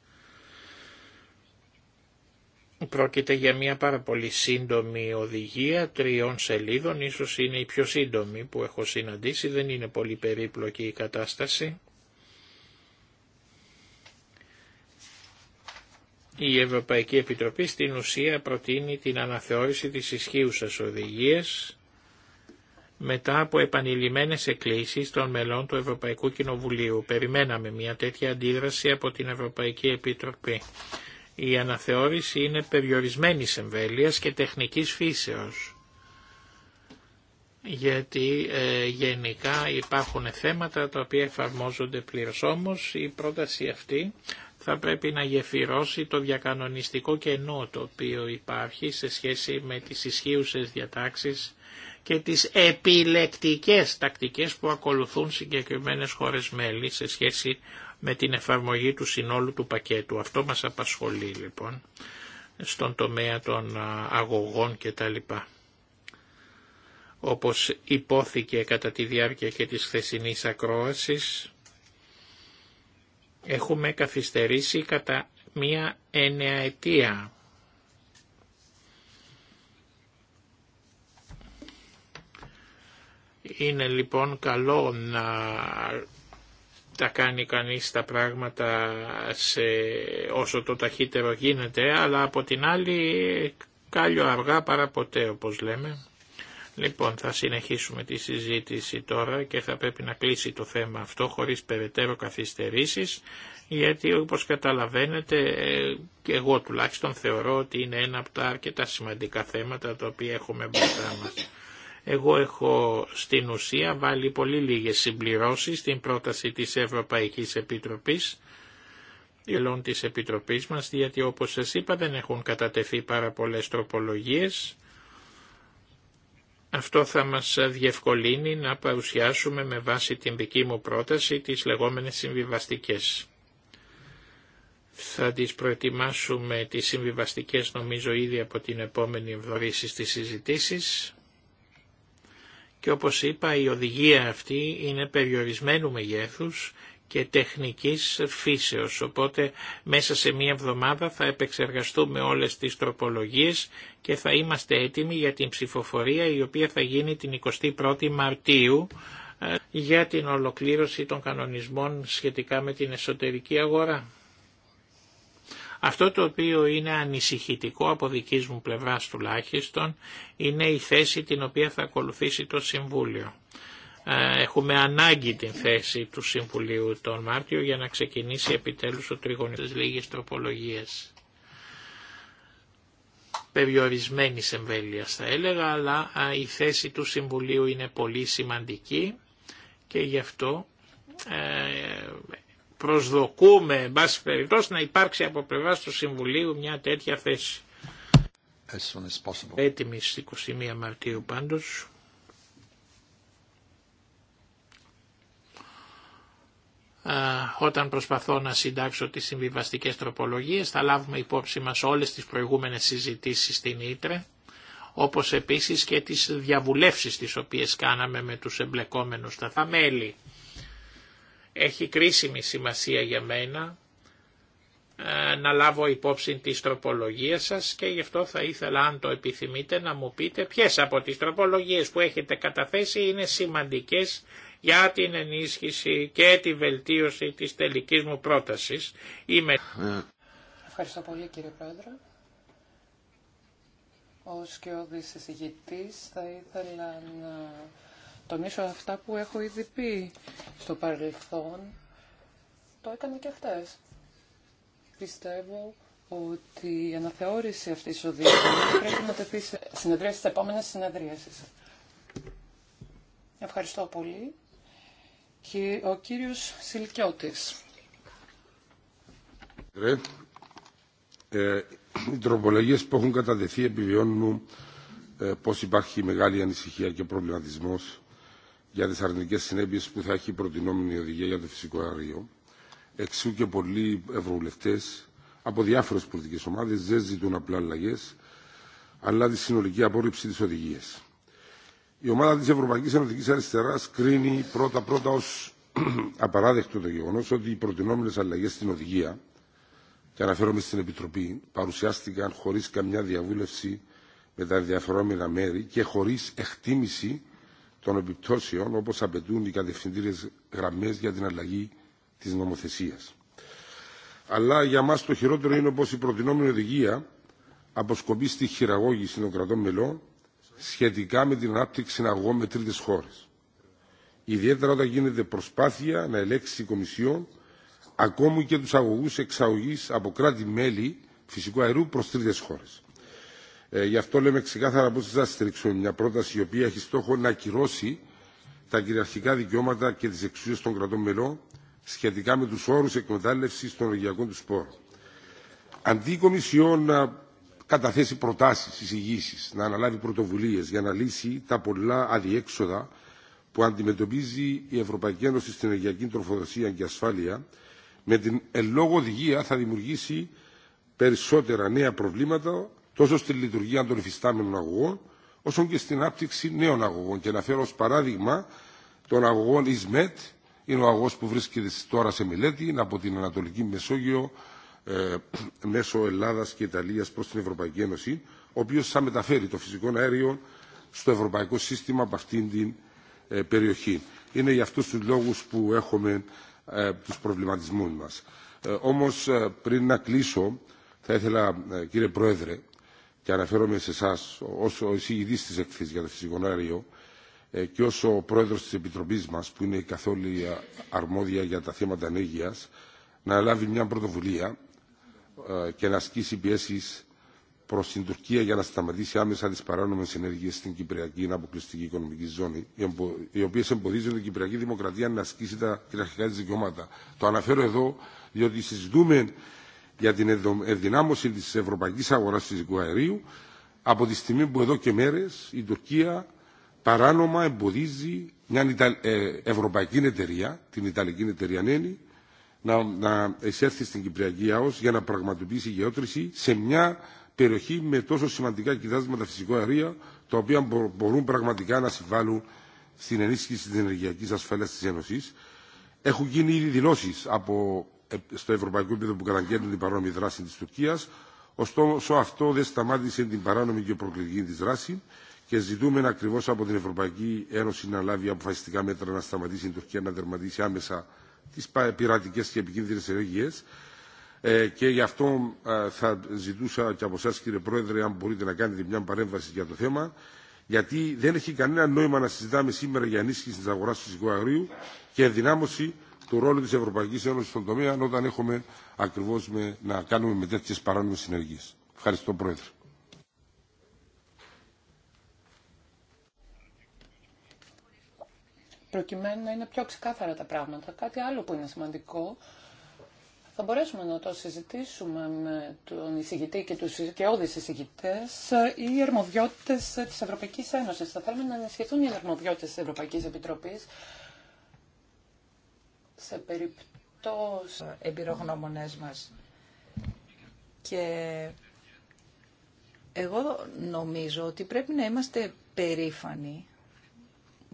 Πρόκειται για μια πάρα πολύ σύντομη οδηγία τριών σελίδων, ίσως είναι η πιο σύντομη που έχω συναντήσει, δεν είναι πολύ περίπλοκη η κατάσταση. Η Ευρωπαϊκή Επιτροπή στην ουσία προτείνει την αναθεώρηση της ισχύουσας οδηγίας μετά από επανειλημμένες εκκλήσεις των μελών του Ευρωπαϊκού Κοινοβουλίου. Περιμέναμε μια τέτοια αντίδραση από την Ευρωπαϊκή Επιτροπή. Η αναθεώρηση είναι περιορισμένης εμβέλειας και τεχνικής φύσεως, γιατί ε, γενικά υπάρχουν θέματα τα οποία εφαρμόζονται πλήρως. Όμως η πρόταση αυτή θα πρέπει να γεφυρώσει το διακανονιστικό κενό το οποίο υπάρχει σε σχέση με τις ισχύουσες διατάξεις και τις επιλεκτικές τακτικές που ακολουθούν συγκεκριμένες χώρες μέλη σε σχέση με την εφαρμογή του συνόλου του πακέτου. Αυτό μας απασχολεί λοιπόν στον τομέα των αγωγών λοιπά. Όπως υπόθηκε κατά τη διάρκεια και της χθεσινής ακρόασης, έχουμε καθυστερήσει κατά μία αιτία. Είναι λοιπόν καλό να τα κάνει κανείς τα πράγματα σε όσο το ταχύτερο γίνεται, αλλά από την άλλη κάλιο αργά παρά ποτέ όπως λέμε. Λοιπόν, θα συνεχίσουμε τη συζήτηση τώρα και θα πρέπει να κλείσει το θέμα αυτό χωρίς περαιτέρω καθυστερήσεις, γιατί όπως καταλαβαίνετε και εγώ τουλάχιστον θεωρώ ότι είναι ένα από τα αρκετά σημαντικά θέματα τα οποία έχουμε μπροστά μας. Εγώ έχω στην ουσία βάλει πολύ λίγες συμπληρώσεις στην πρόταση της Ευρωπαϊκής Επιτροπής, ελών της Επιτροπής μας, γιατί όπως σας είπα δεν έχουν κατατεθεί πάρα πολλές τροπολογίες. Αυτό θα μας διευκολύνει να παρουσιάσουμε με βάση την δική μου πρόταση τις λεγόμενες συμβιβαστικές. Θα τις προετοιμάσουμε τις συμβιβαστικές νομίζω ήδη από την επόμενη εβδορίση στις συζητήσεις και όπως είπα η οδηγία αυτή είναι περιορισμένου μεγέθους και τεχνικής φύσεως. Οπότε μέσα σε μία εβδομάδα θα επεξεργαστούμε όλες τις τροπολογίες και θα είμαστε έτοιμοι για την ψηφοφορία η οποία θα γίνει την 21η Μαρτίου ε, για την ολοκλήρωση των κανονισμών σχετικά με την εσωτερική αγορά. Αυτό το οποίο είναι ανησυχητικό από δική μου πλευράς τουλάχιστον είναι η θέση την οποία θα ακολουθήσει το Συμβούλιο. Ε, έχουμε ανάγκη την θέση του Συμβουλίου τον Μάρτιο για να ξεκινήσει επιτέλους ο της λίγες τροπολογίας. Περιορισμένης εμβέλειας θα έλεγα, αλλά η θέση του Συμβουλίου είναι πολύ σημαντική και γι' αυτό ε, προσδοκούμε, εν πάση περιπτώσει, να υπάρξει από πλευρά του Συμβουλίου μια τέτοια θέση. Έτοιμη στι 21 Μαρτίου πάντω. όταν προσπαθώ να συντάξω τις συμβιβαστικές τροπολογίες θα λάβουμε υπόψη μας όλες τις προηγούμενες συζητήσεις στην Ήτρε όπως επίσης και τις διαβουλεύσεις τις οποίες κάναμε με τους εμπλεκόμενους τα θαμέλη. Έχει κρίσιμη σημασία για μένα ε, να λάβω υπόψη τη τροπολογία σας και γι' αυτό θα ήθελα αν το επιθυμείτε να μου πείτε ποιες από τις τροπολογίες που έχετε καταθέσει είναι σημαντικές για την ενίσχυση και τη βελτίωση της τελικής μου πρότασης. Ευχαριστώ πολύ κύριε Πρόεδρε. Ως και ο θα ήθελα να τονίσω αυτά που έχω ήδη πει στο παρελθόν. Το έκανα και αυτές. Πιστεύω ότι η αναθεώρηση αυτής της οδηγίας πρέπει να τεθεί σε συνεδρίαση, στις επόμενες συνεδρίε. Ευχαριστώ πολύ. Και ο κύριος Σιλκιώτης. Ε, οι τροπολογίες που έχουν καταδεθεί επιβιώνουν ε, πως υπάρχει μεγάλη ανησυχία και προβληματισμός για τις αρνητικές συνέπειες που θα έχει η προτινόμενη οδηγία για το φυσικό αέριο. Εξού και πολλοί ευρωβουλευτές από διάφορες πολιτικές ομάδες δεν ζητούν απλά αλλαγέ, αλλά τη συνολική απόρριψη της οδηγίας. Η ομάδα της Ευρωπαϊκής Ενωτικής Αριστεράς κρίνει πρώτα-πρώτα ως απαράδεκτο το γεγονός ότι οι προτινόμενες αλλαγές στην οδηγία και αναφέρομαι στην Επιτροπή, παρουσιάστηκαν χωρίς καμιά διαβούλευση με τα ενδιαφερόμενα μέρη και χωρίς εκτίμηση των επιπτώσεων όπω απαιτούν οι κατευθυντήριε γραμμές για την αλλαγή της νομοθεσίας. Αλλά για μας το χειρότερο είναι πως η προτινόμενη οδηγία αποσκοπεί στη χειραγώγηση των κρατών μελών σχετικά με την ανάπτυξη συναγωγών με τρίτες χώρε. Ιδιαίτερα όταν γίνεται προσπάθεια να ελέγξει η Κομισιόν ακόμη και τους αγωγους εξαγωγή εξαγωγής από κράτη-μέλη φυσικού αερού προς τρίτες χώρες. Ε, γι' αυτό λέμε ξεκάθαρα πώ θα στηρίξουμε μια πρόταση η οποία έχει στόχο να ακυρώσει τα κυριαρχικά δικαιώματα και τι εξουσίε των κρατών μελών σχετικά με του όρου εκμετάλλευση των ενεργειακών του σπόρων. Αντί η Κομισιόν να καταθέσει προτάσει, εισηγήσει, να αναλάβει πρωτοβουλίε για να λύσει τα πολλά αδιέξοδα που αντιμετωπίζει η Ευρωπαϊκή Ένωση στην ενεργειακή τροφοδοσία και ασφάλεια, με την ελόγω οδηγία θα δημιουργήσει περισσότερα νέα προβλήματα τόσο στη λειτουργία των υφιστάμενων αγωγών, όσο και στην άπτυξη νέων αγωγών. Και να φέρω ω παράδειγμα των αγωγών ΙΣΜΕΤ, είναι ο αγωγό που βρίσκεται τώρα σε μελέτη, είναι από την Ανατολική Μεσόγειο, ε, μέσω Ελλάδα και Ιταλία προ την Ευρωπαϊκή Ένωση, ο οποίο θα μεταφέρει το φυσικό αέριο στο ευρωπαϊκό σύστημα από αυτήν την ε, περιοχή. Είναι για αυτούς τους λόγους που έχουμε ε, τους προβληματισμούς μας. Ε, όμως ε, πριν να κλείσω θα ήθελα κύριε Πρόεδρε και αναφέρομαι σε εσά ω εισηγητή τη εκθέση για το φυσικό αέριο ε, και ω ο πρόεδρο τη Επιτροπή μα, που είναι καθόλου ε, αρμόδια για τα θέματα ενέργεια, να λάβει μια πρωτοβουλία ε, και να ασκήσει πιέσει προ την Τουρκία για να σταματήσει άμεσα τι παράνομε ενέργειε στην Κυπριακή αποκλειστική οικονομική ζώνη, οι οποίε εμποδίζουν την Κυπριακή Δημοκρατία να ασκήσει τα κυριαρχικά τη δικαιώματα. Το αναφέρω εδώ, διότι συζητούμε για την ενδυνάμωση της ευρωπαϊκής αγοράς φυσικού αερίου από τη στιγμή που εδώ και μέρες η Τουρκία παράνομα εμποδίζει μια ε, ευρωπαϊκή εταιρεία, την Ιταλική εταιρεία Νένη, να, εισέλθει στην Κυπριακή ΑΟΣ για να πραγματοποιήσει γεώτρηση σε μια περιοχή με τόσο σημαντικά κοιτάσματα φυσικού αερίου, τα οποία μπορούν πραγματικά να συμβάλλουν στην ενίσχυση της ενεργειακής ασφάλειας της Ένωσης. Έχουν γίνει ήδη δηλώσεις από ε, στο ευρωπαϊκό επίπεδο που καταγγέλνουν την παράνομη δράση της Τουρκίας ωστόσο αυτό δεν σταμάτησε την παράνομη και προκλητική τη δράση και ζητούμε ακριβώ από την Ευρωπαϊκή Ένωση να λάβει αποφασιστικά μέτρα να σταματήσει η Τουρκία να δερματίσει άμεσα τι πειρατικές και επικίνδυνες ενέργειε. Ε, και γι' αυτό ε, θα ζητούσα και από εσά, κύριε Πρόεδρε, αν μπορείτε να κάνετε μια παρέμβαση για το θέμα, γιατί δεν έχει κανένα νόημα να συζητάμε σήμερα για ενίσχυση τη αγορά του αγρίου και ενδυνάμωση του ρόλου της Ευρωπαϊκής Ένωσης στον τομέα όταν έχουμε ακριβώς με, να κάνουμε με τέτοιες παράνομες συνεργίες. Ευχαριστώ Πρόεδρε. Προκειμένου να είναι πιο ξεκάθαρα τα πράγματα, κάτι άλλο που είναι σημαντικό, θα μπορέσουμε να το συζητήσουμε με τον εισηγητή και τους εισηγητές οι αρμοδιότητες της Ευρωπαϊκής Ένωσης. Θα θέλουμε να ενισχυθούν οι αρμοδιότητες της Ευρωπαϊκής Επιτροπής σε περιπτώσεις εμπειρογνώμονές μας. Και εγώ νομίζω ότι πρέπει να είμαστε περήφανοι.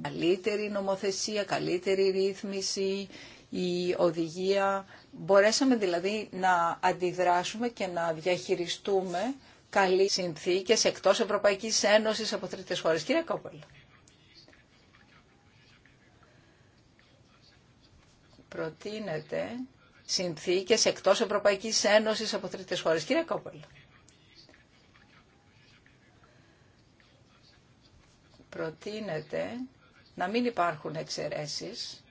Καλύτερη νομοθεσία, καλύτερη ρύθμιση, η οδηγία. Μπορέσαμε δηλαδή να αντιδράσουμε και να διαχειριστούμε καλή συνθήκες εκτός Ευρωπαϊκής Ένωσης από τρίτες χώρες. Κύριε Κόπελ. προτείνεται συνθήκες εκτός Ευρωπαϊκής Ένωσης από τρίτες χώρες. Κύριε Κόπελ. Προτείνεται να μην υπάρχουν εξαιρέσεις.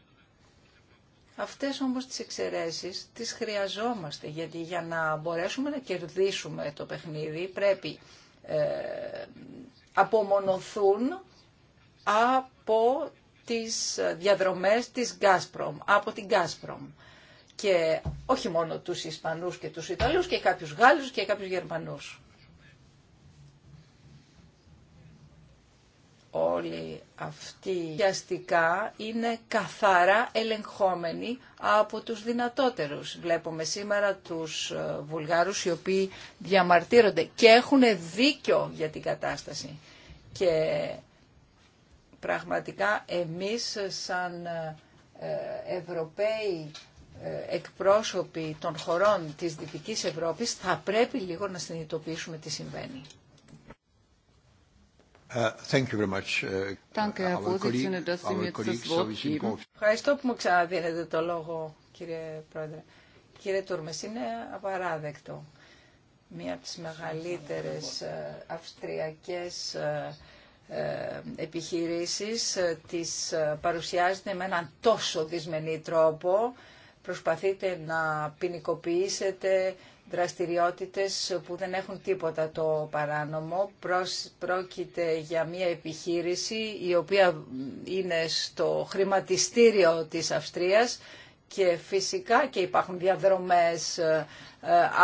Αυτές όμως τις εξαιρέσεις τις χρειαζόμαστε, γιατί για να μπορέσουμε να κερδίσουμε το παιχνίδι πρέπει ε, απομονωθούν από τις διαδρομές της Γκάσπρομ. από την Γκάσπρομ. Και όχι μόνο τους Ισπανούς και τους Ιταλούς και κάποιους Γάλλους και κάποιους Γερμανούς. όλοι αυτοί πιαστικά είναι καθαρά ελεγχόμενοι από τους δυνατότερους. Βλέπουμε σήμερα τους ε, Βουλγάρους οι οποίοι διαμαρτύρονται και έχουν δίκιο για την κατάσταση. Και πραγματικά εμείς σαν ε, Ευρωπαίοι ε, εκπρόσωποι των χωρών της Δυτικής Ευρώπης θα πρέπει λίγο να συνειδητοποιήσουμε τι συμβαίνει. Ευχαριστώ που μου ξαναδίνετε το λόγο, κύριε Πρόεδρε. Κύριε Τούρμες, είναι απαράδεκτο. Μία από τις μεγαλύτερες ε, αυστριακές ε, επιχειρήσεις ε, τις ε, παρουσιάζετε με έναν τόσο δυσμενή τρόπο. Προσπαθείτε να ποινικοποιήσετε δραστηριότητες που δεν έχουν τίποτα το παράνομο. Πρόκειται για μια επιχείρηση η οποία είναι στο χρηματιστήριο της Αυστρίας και φυσικά και υπάρχουν διαδρομές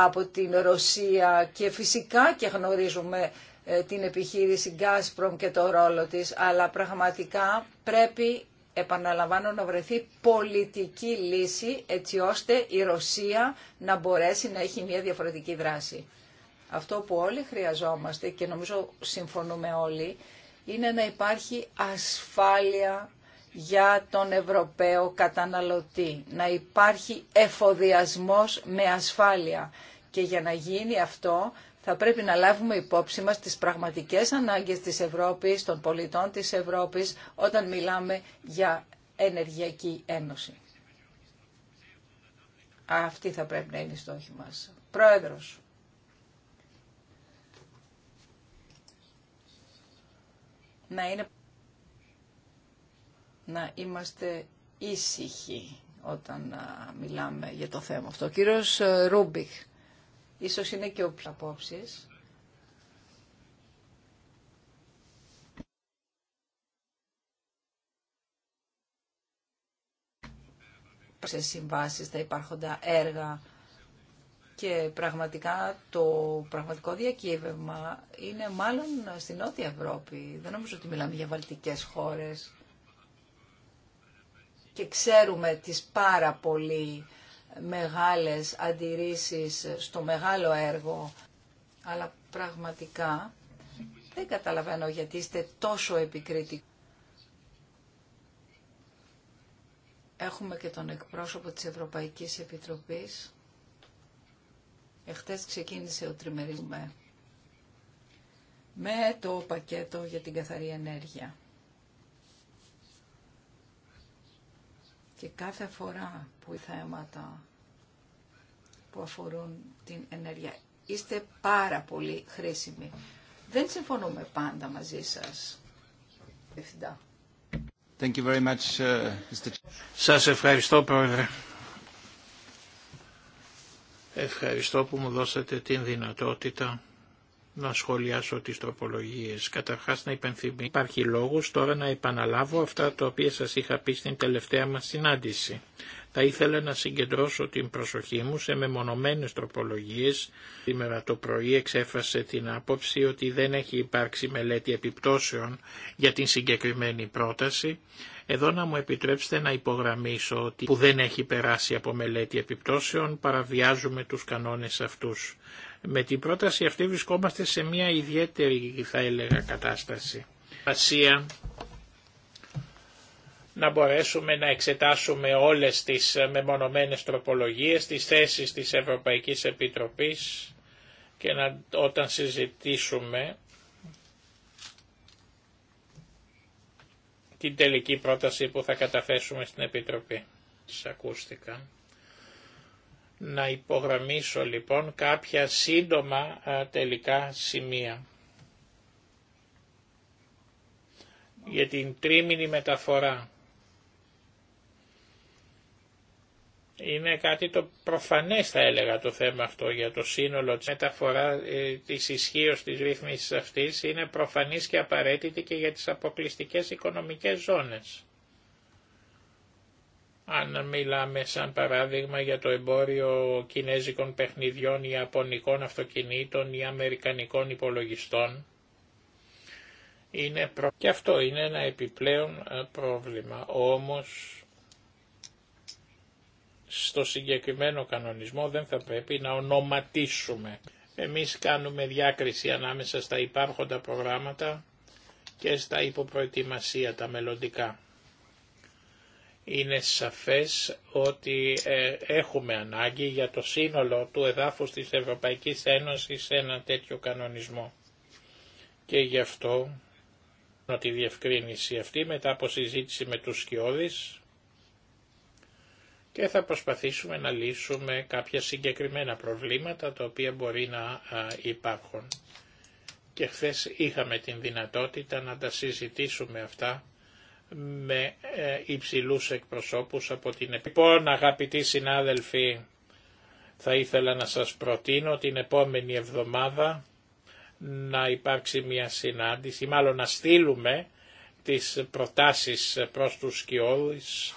από την Ρωσία και φυσικά και γνωρίζουμε ε, την επιχείρηση Gazprom και το ρόλο της, αλλά πραγματικά πρέπει, επαναλαμβάνω, να βρεθεί πολιτική λύση έτσι ώστε η Ρωσία να μπορέσει να έχει μια διαφορετική δράση. Αυτό που όλοι χρειαζόμαστε και νομίζω συμφωνούμε όλοι, είναι να υπάρχει ασφάλεια για τον Ευρωπαίο καταναλωτή, να υπάρχει εφοδιασμός με ασφάλεια. Και για να γίνει αυτό θα πρέπει να λάβουμε υπόψη μας τις πραγματικές ανάγκες της Ευρώπης, των πολιτών της Ευρώπης, όταν μιλάμε για ενεργειακή ένωση. Αυτή θα πρέπει να είναι η στόχη μας. Πρόεδρος. Να να είμαστε ήσυχοι όταν μιλάμε για το θέμα αυτό. κύριος ε, Ρούμπιχ. Ίσως είναι και όποια απόψεις. σε συμβάσεις, τα υπάρχοντα έργα και πραγματικά το πραγματικό διακύβευμα είναι μάλλον στην Νότια Ευρώπη. Δεν νομίζω ότι μιλάμε για βαλτικές χώρες και ξέρουμε τις πάρα πολύ μεγάλες αντιρρήσεις στο μεγάλο έργο, αλλά πραγματικά δεν καταλαβαίνω γιατί είστε τόσο επικριτικοί. Έχουμε και τον εκπρόσωπο της Ευρωπαϊκής Επιτροπής. Εχθές ξεκίνησε ο τριμεριουμέ με, με το πακέτο για την καθαρή ενέργεια. Και κάθε φορά που οι θέματα που αφορούν την ενέργεια. Είστε πάρα πολύ χρήσιμοι. Δεν συμφωνούμε πάντα μαζί σας. Ευθυντά. Thank you very much, uh, Mr. Σας ευχαριστώ, Πρόεδρε. Ευχαριστώ που μου δώσατε την δυνατότητα να σχολιάσω τις τροπολογίες. Καταρχάς να υπενθυμίσω. Υπάρχει λόγος τώρα να επαναλάβω αυτά τα οποία σας είχα πει στην τελευταία μας συνάντηση. Θα ήθελα να συγκεντρώσω την προσοχή μου σε μεμονωμένες τροπολογίες. Σήμερα το πρωί εξέφρασε την άποψη ότι δεν έχει υπάρξει μελέτη επιπτώσεων για την συγκεκριμένη πρόταση. Εδώ να μου επιτρέψετε να υπογραμμίσω ότι που δεν έχει περάσει από μελέτη επιπτώσεων παραβιάζουμε τους κανόνες αυτούς. Με την πρόταση αυτή βρισκόμαστε σε μια ιδιαίτερη θα έλεγα κατάσταση. Ασία να μπορέσουμε να εξετάσουμε όλες τις μεμονωμένες τροπολογίες, τις θέσεις της Ευρωπαϊκής Επιτροπής και να, όταν συζητήσουμε την τελική πρόταση που θα καταθέσουμε στην Επιτροπή. Τις ακούστηκαν να υπογραμμίσω λοιπόν κάποια σύντομα τελικά σημεία. Για την τρίμηνη μεταφορά. Είναι κάτι το προφανές θα έλεγα το θέμα αυτό για το σύνολο της μεταφορά ε, της ισχύω της ρύθμισης αυτής είναι προφανής και απαραίτητη και για τις αποκλειστικές οικονομικές ζώνες. Αν μιλάμε σαν παράδειγμα για το εμπόριο κινέζικων παιχνιδιών, ιαπωνικών αυτοκινήτων ή αμερικανικών υπολογιστών, είναι προ... και αυτό είναι ένα επιπλέον ε, πρόβλημα. Όμως στο συγκεκριμένο κανονισμό δεν θα πρέπει να ονοματίσουμε. Εμείς κάνουμε διάκριση ανάμεσα στα υπάρχοντα προγράμματα και στα υποπροετοιμασία τα μελλοντικά είναι σαφές ότι ε, έχουμε ανάγκη για το σύνολο του εδάφους της Ευρωπαϊκής Ένωσης ένα τέτοιο κανονισμό. Και γι' αυτό τη διευκρίνηση αυτή μετά από συζήτηση με τους Σκιώδης και θα προσπαθήσουμε να λύσουμε κάποια συγκεκριμένα προβλήματα τα οποία μπορεί να υπάρχουν. Και χθε είχαμε την δυνατότητα να τα συζητήσουμε αυτά με ε, υψηλούς εκπροσώπους από την Λοιπόν, αγαπητοί συνάδελφοι, θα ήθελα να σας προτείνω την επόμενη εβδομάδα να υπάρξει μια συνάντηση, μάλλον να στείλουμε τις προτάσεις προς τους σκιώδεις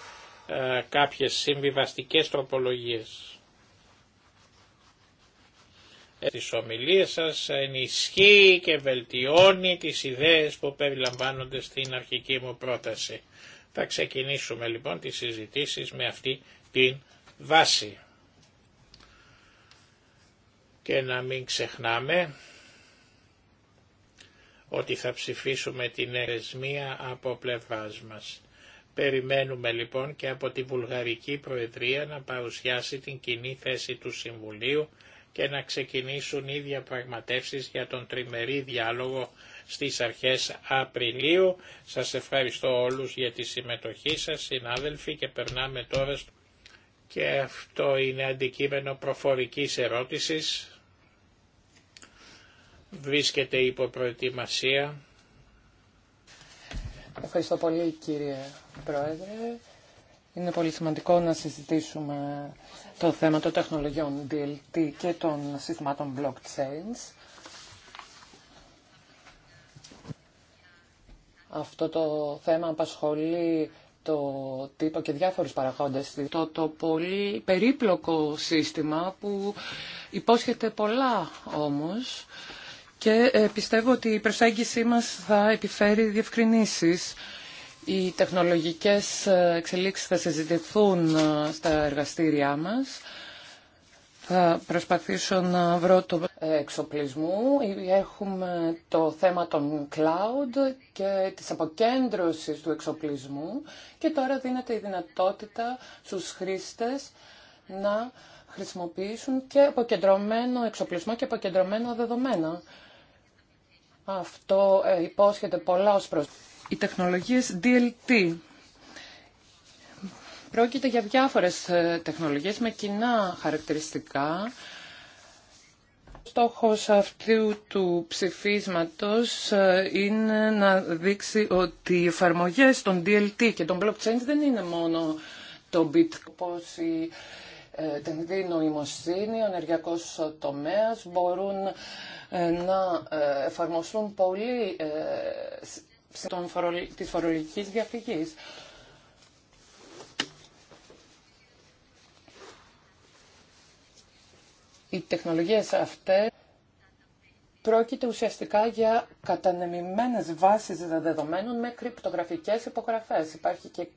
ε, κάποιες συμβιβαστικές τροπολογίες τις ομιλίες σας, ενισχύει και βελτιώνει τις ιδέες που περιλαμβάνονται στην αρχική μου πρόταση. Θα ξεκινήσουμε λοιπόν τις συζητήσεις με αυτή την βάση. Και να μην ξεχνάμε ότι θα ψηφίσουμε την ερεσμία από πλευράς μας. Περιμένουμε λοιπόν και από τη Βουλγαρική Προεδρία να παρουσιάσει την κοινή θέση του Συμβουλίου και να ξεκινήσουν οι διαπραγματεύσεις για τον τριμερή διάλογο στις αρχές Απριλίου. Σας ευχαριστώ όλους για τη συμμετοχή σας, συνάδελφοι, και περνάμε τώρα στο... Και αυτό είναι αντικείμενο προφορικής ερώτησης. Βρίσκεται υπό προετοιμασία. Ευχαριστώ πολύ κύριε Πρόεδρε. Είναι πολύ σημαντικό να συζητήσουμε το θέμα των τεχνολογιών DLT και των συστημάτων blockchains. Αυτό το θέμα απασχολεί το τύπο και διάφορους παραγόντες. Το, το πολύ περίπλοκο σύστημα που υπόσχεται πολλά όμως και ε, πιστεύω ότι η προσέγγιση μας θα επιφέρει διευκρινήσεις. Οι τεχνολογικές ε, εξελίξεις θα συζητηθούν ε, στα εργαστήριά μας. Θα προσπαθήσω να βρω το εξοπλισμό. Έχουμε το θέμα των cloud και της αποκέντρωσης του εξοπλισμού και τώρα δίνεται η δυνατότητα στους χρήστες να χρησιμοποιήσουν και αποκεντρωμένο εξοπλισμό και αποκεντρωμένα δεδομένα. Αυτό ε, υπόσχεται πολλά ως προς οι τεχνολογίες DLT. Πρόκειται για διάφορες ε, τεχνολογίες με κοινά χαρακτηριστικά. Ο στόχος αυτού του ψηφίσματος ε, είναι να δείξει ότι οι εφαρμογές των DLT και των blockchain δεν είναι μόνο το bitcoin, όπως η τεχνητή νοημοσύνη, ο ενεργειακός τομέας μπορούν ε, να εφαρμοστούν πολύ της φορολογικής διαφυγής. Οι τεχνολογίες αυτές πρόκειται ουσιαστικά για κατανεμημένες βάσεις δεδομένων με κρυπτογραφικές υπογραφές. Υπάρχει και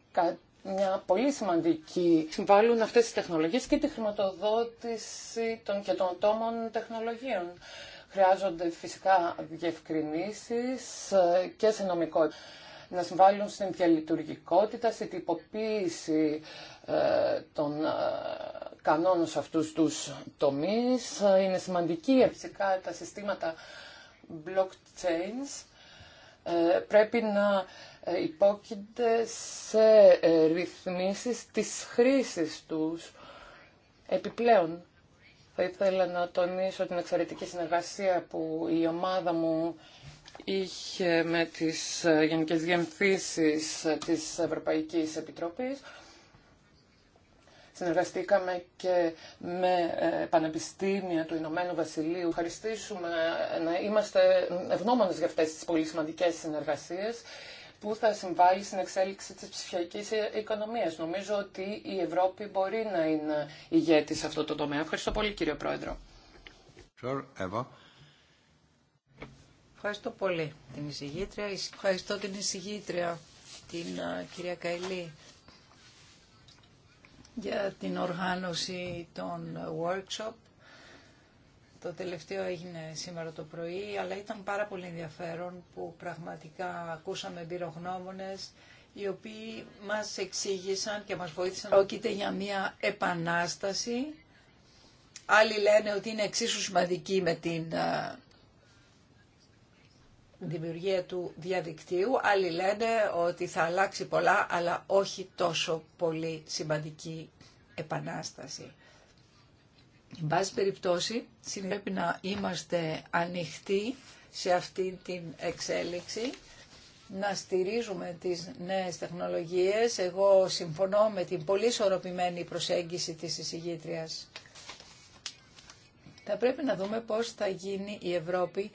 μια πολύ σημαντική συμβάλλουν αυτές οι τεχνολογίες και τη χρηματοδότηση των και των ατόμων τεχνολογίων. Χρειάζονται φυσικά διευκρινήσεις ε, και σε νομικό να συμβάλλουν στην διαλειτουργικότητα, στην τυποποίηση ε, των ε, κανόνων σε αυτούς τους τομείς. Είναι σημαντική φυσικά τα συστήματα blockchains. Πρέπει να υπόκεινται σε ρυθμίσεις της χρήσης τους επιπλέον θα ήθελα να τονίσω την εξαιρετική συνεργασία που η ομάδα μου είχε με τις ε, Γενικές Διεμφύσεις της Ευρωπαϊκής Επιτροπής. Συνεργαστήκαμε και με ε, πανεπιστήμια του Ηνωμένου Βασιλείου. Ευχαριστήσουμε να είμαστε ευγνώμονες για αυτές τις πολύ σημαντικές συνεργασίες που θα συμβάλλει στην εξέλιξη της ψηφιακής οικονομίας. Νομίζω ότι η Ευρώπη μπορεί να είναι ηγέτη σε αυτό το τομέα. Ευχαριστώ πολύ κύριε Πρόεδρο. Ευχαριστώ πολύ την εισηγήτρια. Ευχαριστώ την εισηγήτρια, την κυρία Καηλή, για την οργάνωση των workshop το τελευταίο έγινε σήμερα το πρωί, αλλά ήταν πάρα πολύ ενδιαφέρον που πραγματικά ακούσαμε εμπειρογνώμονες οι οποίοι μας εξήγησαν και μας βοήθησαν. Πρόκειται για μια επανάσταση. Άλλοι λένε ότι είναι εξίσου σημαντική με την ε, δημιουργία του διαδικτύου. Άλλοι λένε ότι θα αλλάξει πολλά, αλλά όχι τόσο πολύ σημαντική επανάσταση. Εν πάση περιπτώσει, πρέπει να είμαστε ανοιχτοί σε αυτή την εξέλιξη, να στηρίζουμε τις νέες τεχνολογίες. Εγώ συμφωνώ με την πολύ σωροπημένη προσέγγιση της εισηγήτριας. Θα πρέπει να δούμε πώς θα γίνει η Ευρώπη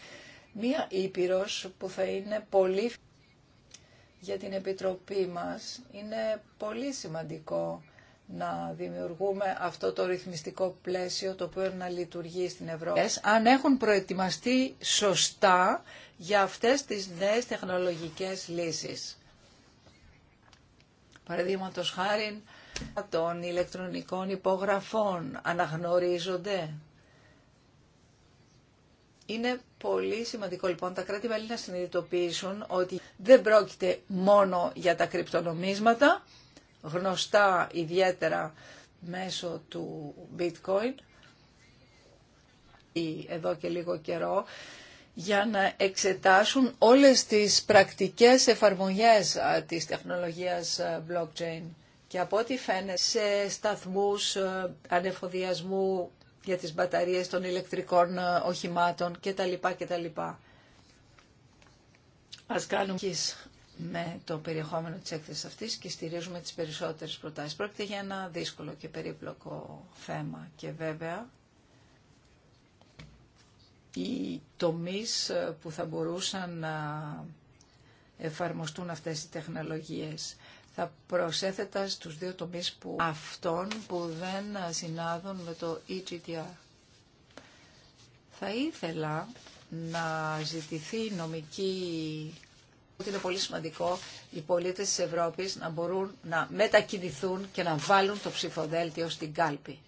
μία ήπειρος που θα είναι πολύ για την Επιτροπή μας. Είναι πολύ σημαντικό να δημιουργούμε αυτό το ρυθμιστικό πλαίσιο το οποίο να λειτουργεί στην Ευρώπη. Αν έχουν προετοιμαστεί σωστά για αυτές τις νέες τεχνολογικές λύσεις. Παραδείγματο χάρη των ηλεκτρονικών υπογραφών αναγνωρίζονται. Είναι πολύ σημαντικό λοιπόν τα κράτη-μέλη να συνειδητοποιήσουν ότι δεν πρόκειται μόνο για τα κρυπτονομίσματα, γνωστά ιδιαίτερα μέσω του bitcoin ή εδώ και λίγο καιρό για να εξετάσουν όλες τις πρακτικές εφαρμογές της τεχνολογίας blockchain. Και από ό,τι φαίνεται σε σταθμούς ανεφοδιασμού για τις μπαταρίες των ηλεκτρικών οχημάτων κτλ. Ας κάνουμε με το περιεχόμενο της έκθεσης αυτής και στηρίζουμε τις περισσότερες προτάσεις. Πρόκειται για ένα δύσκολο και περίπλοκο θέμα και βέβαια οι τομείς ε, που θα μπορούσαν να εφαρμοστούν αυτές οι τεχνολογίες. Θα προσέθετα στους δύο τομείς που αυτών που δεν συνάδουν με το EGTR. Θα ήθελα να ζητηθεί νομική ότι είναι πολύ σημαντικό οι πολίτες της Ευρώπης να μπορούν να μετακινηθούν και να βάλουν το ψηφοδέλτιο στην κάλπη.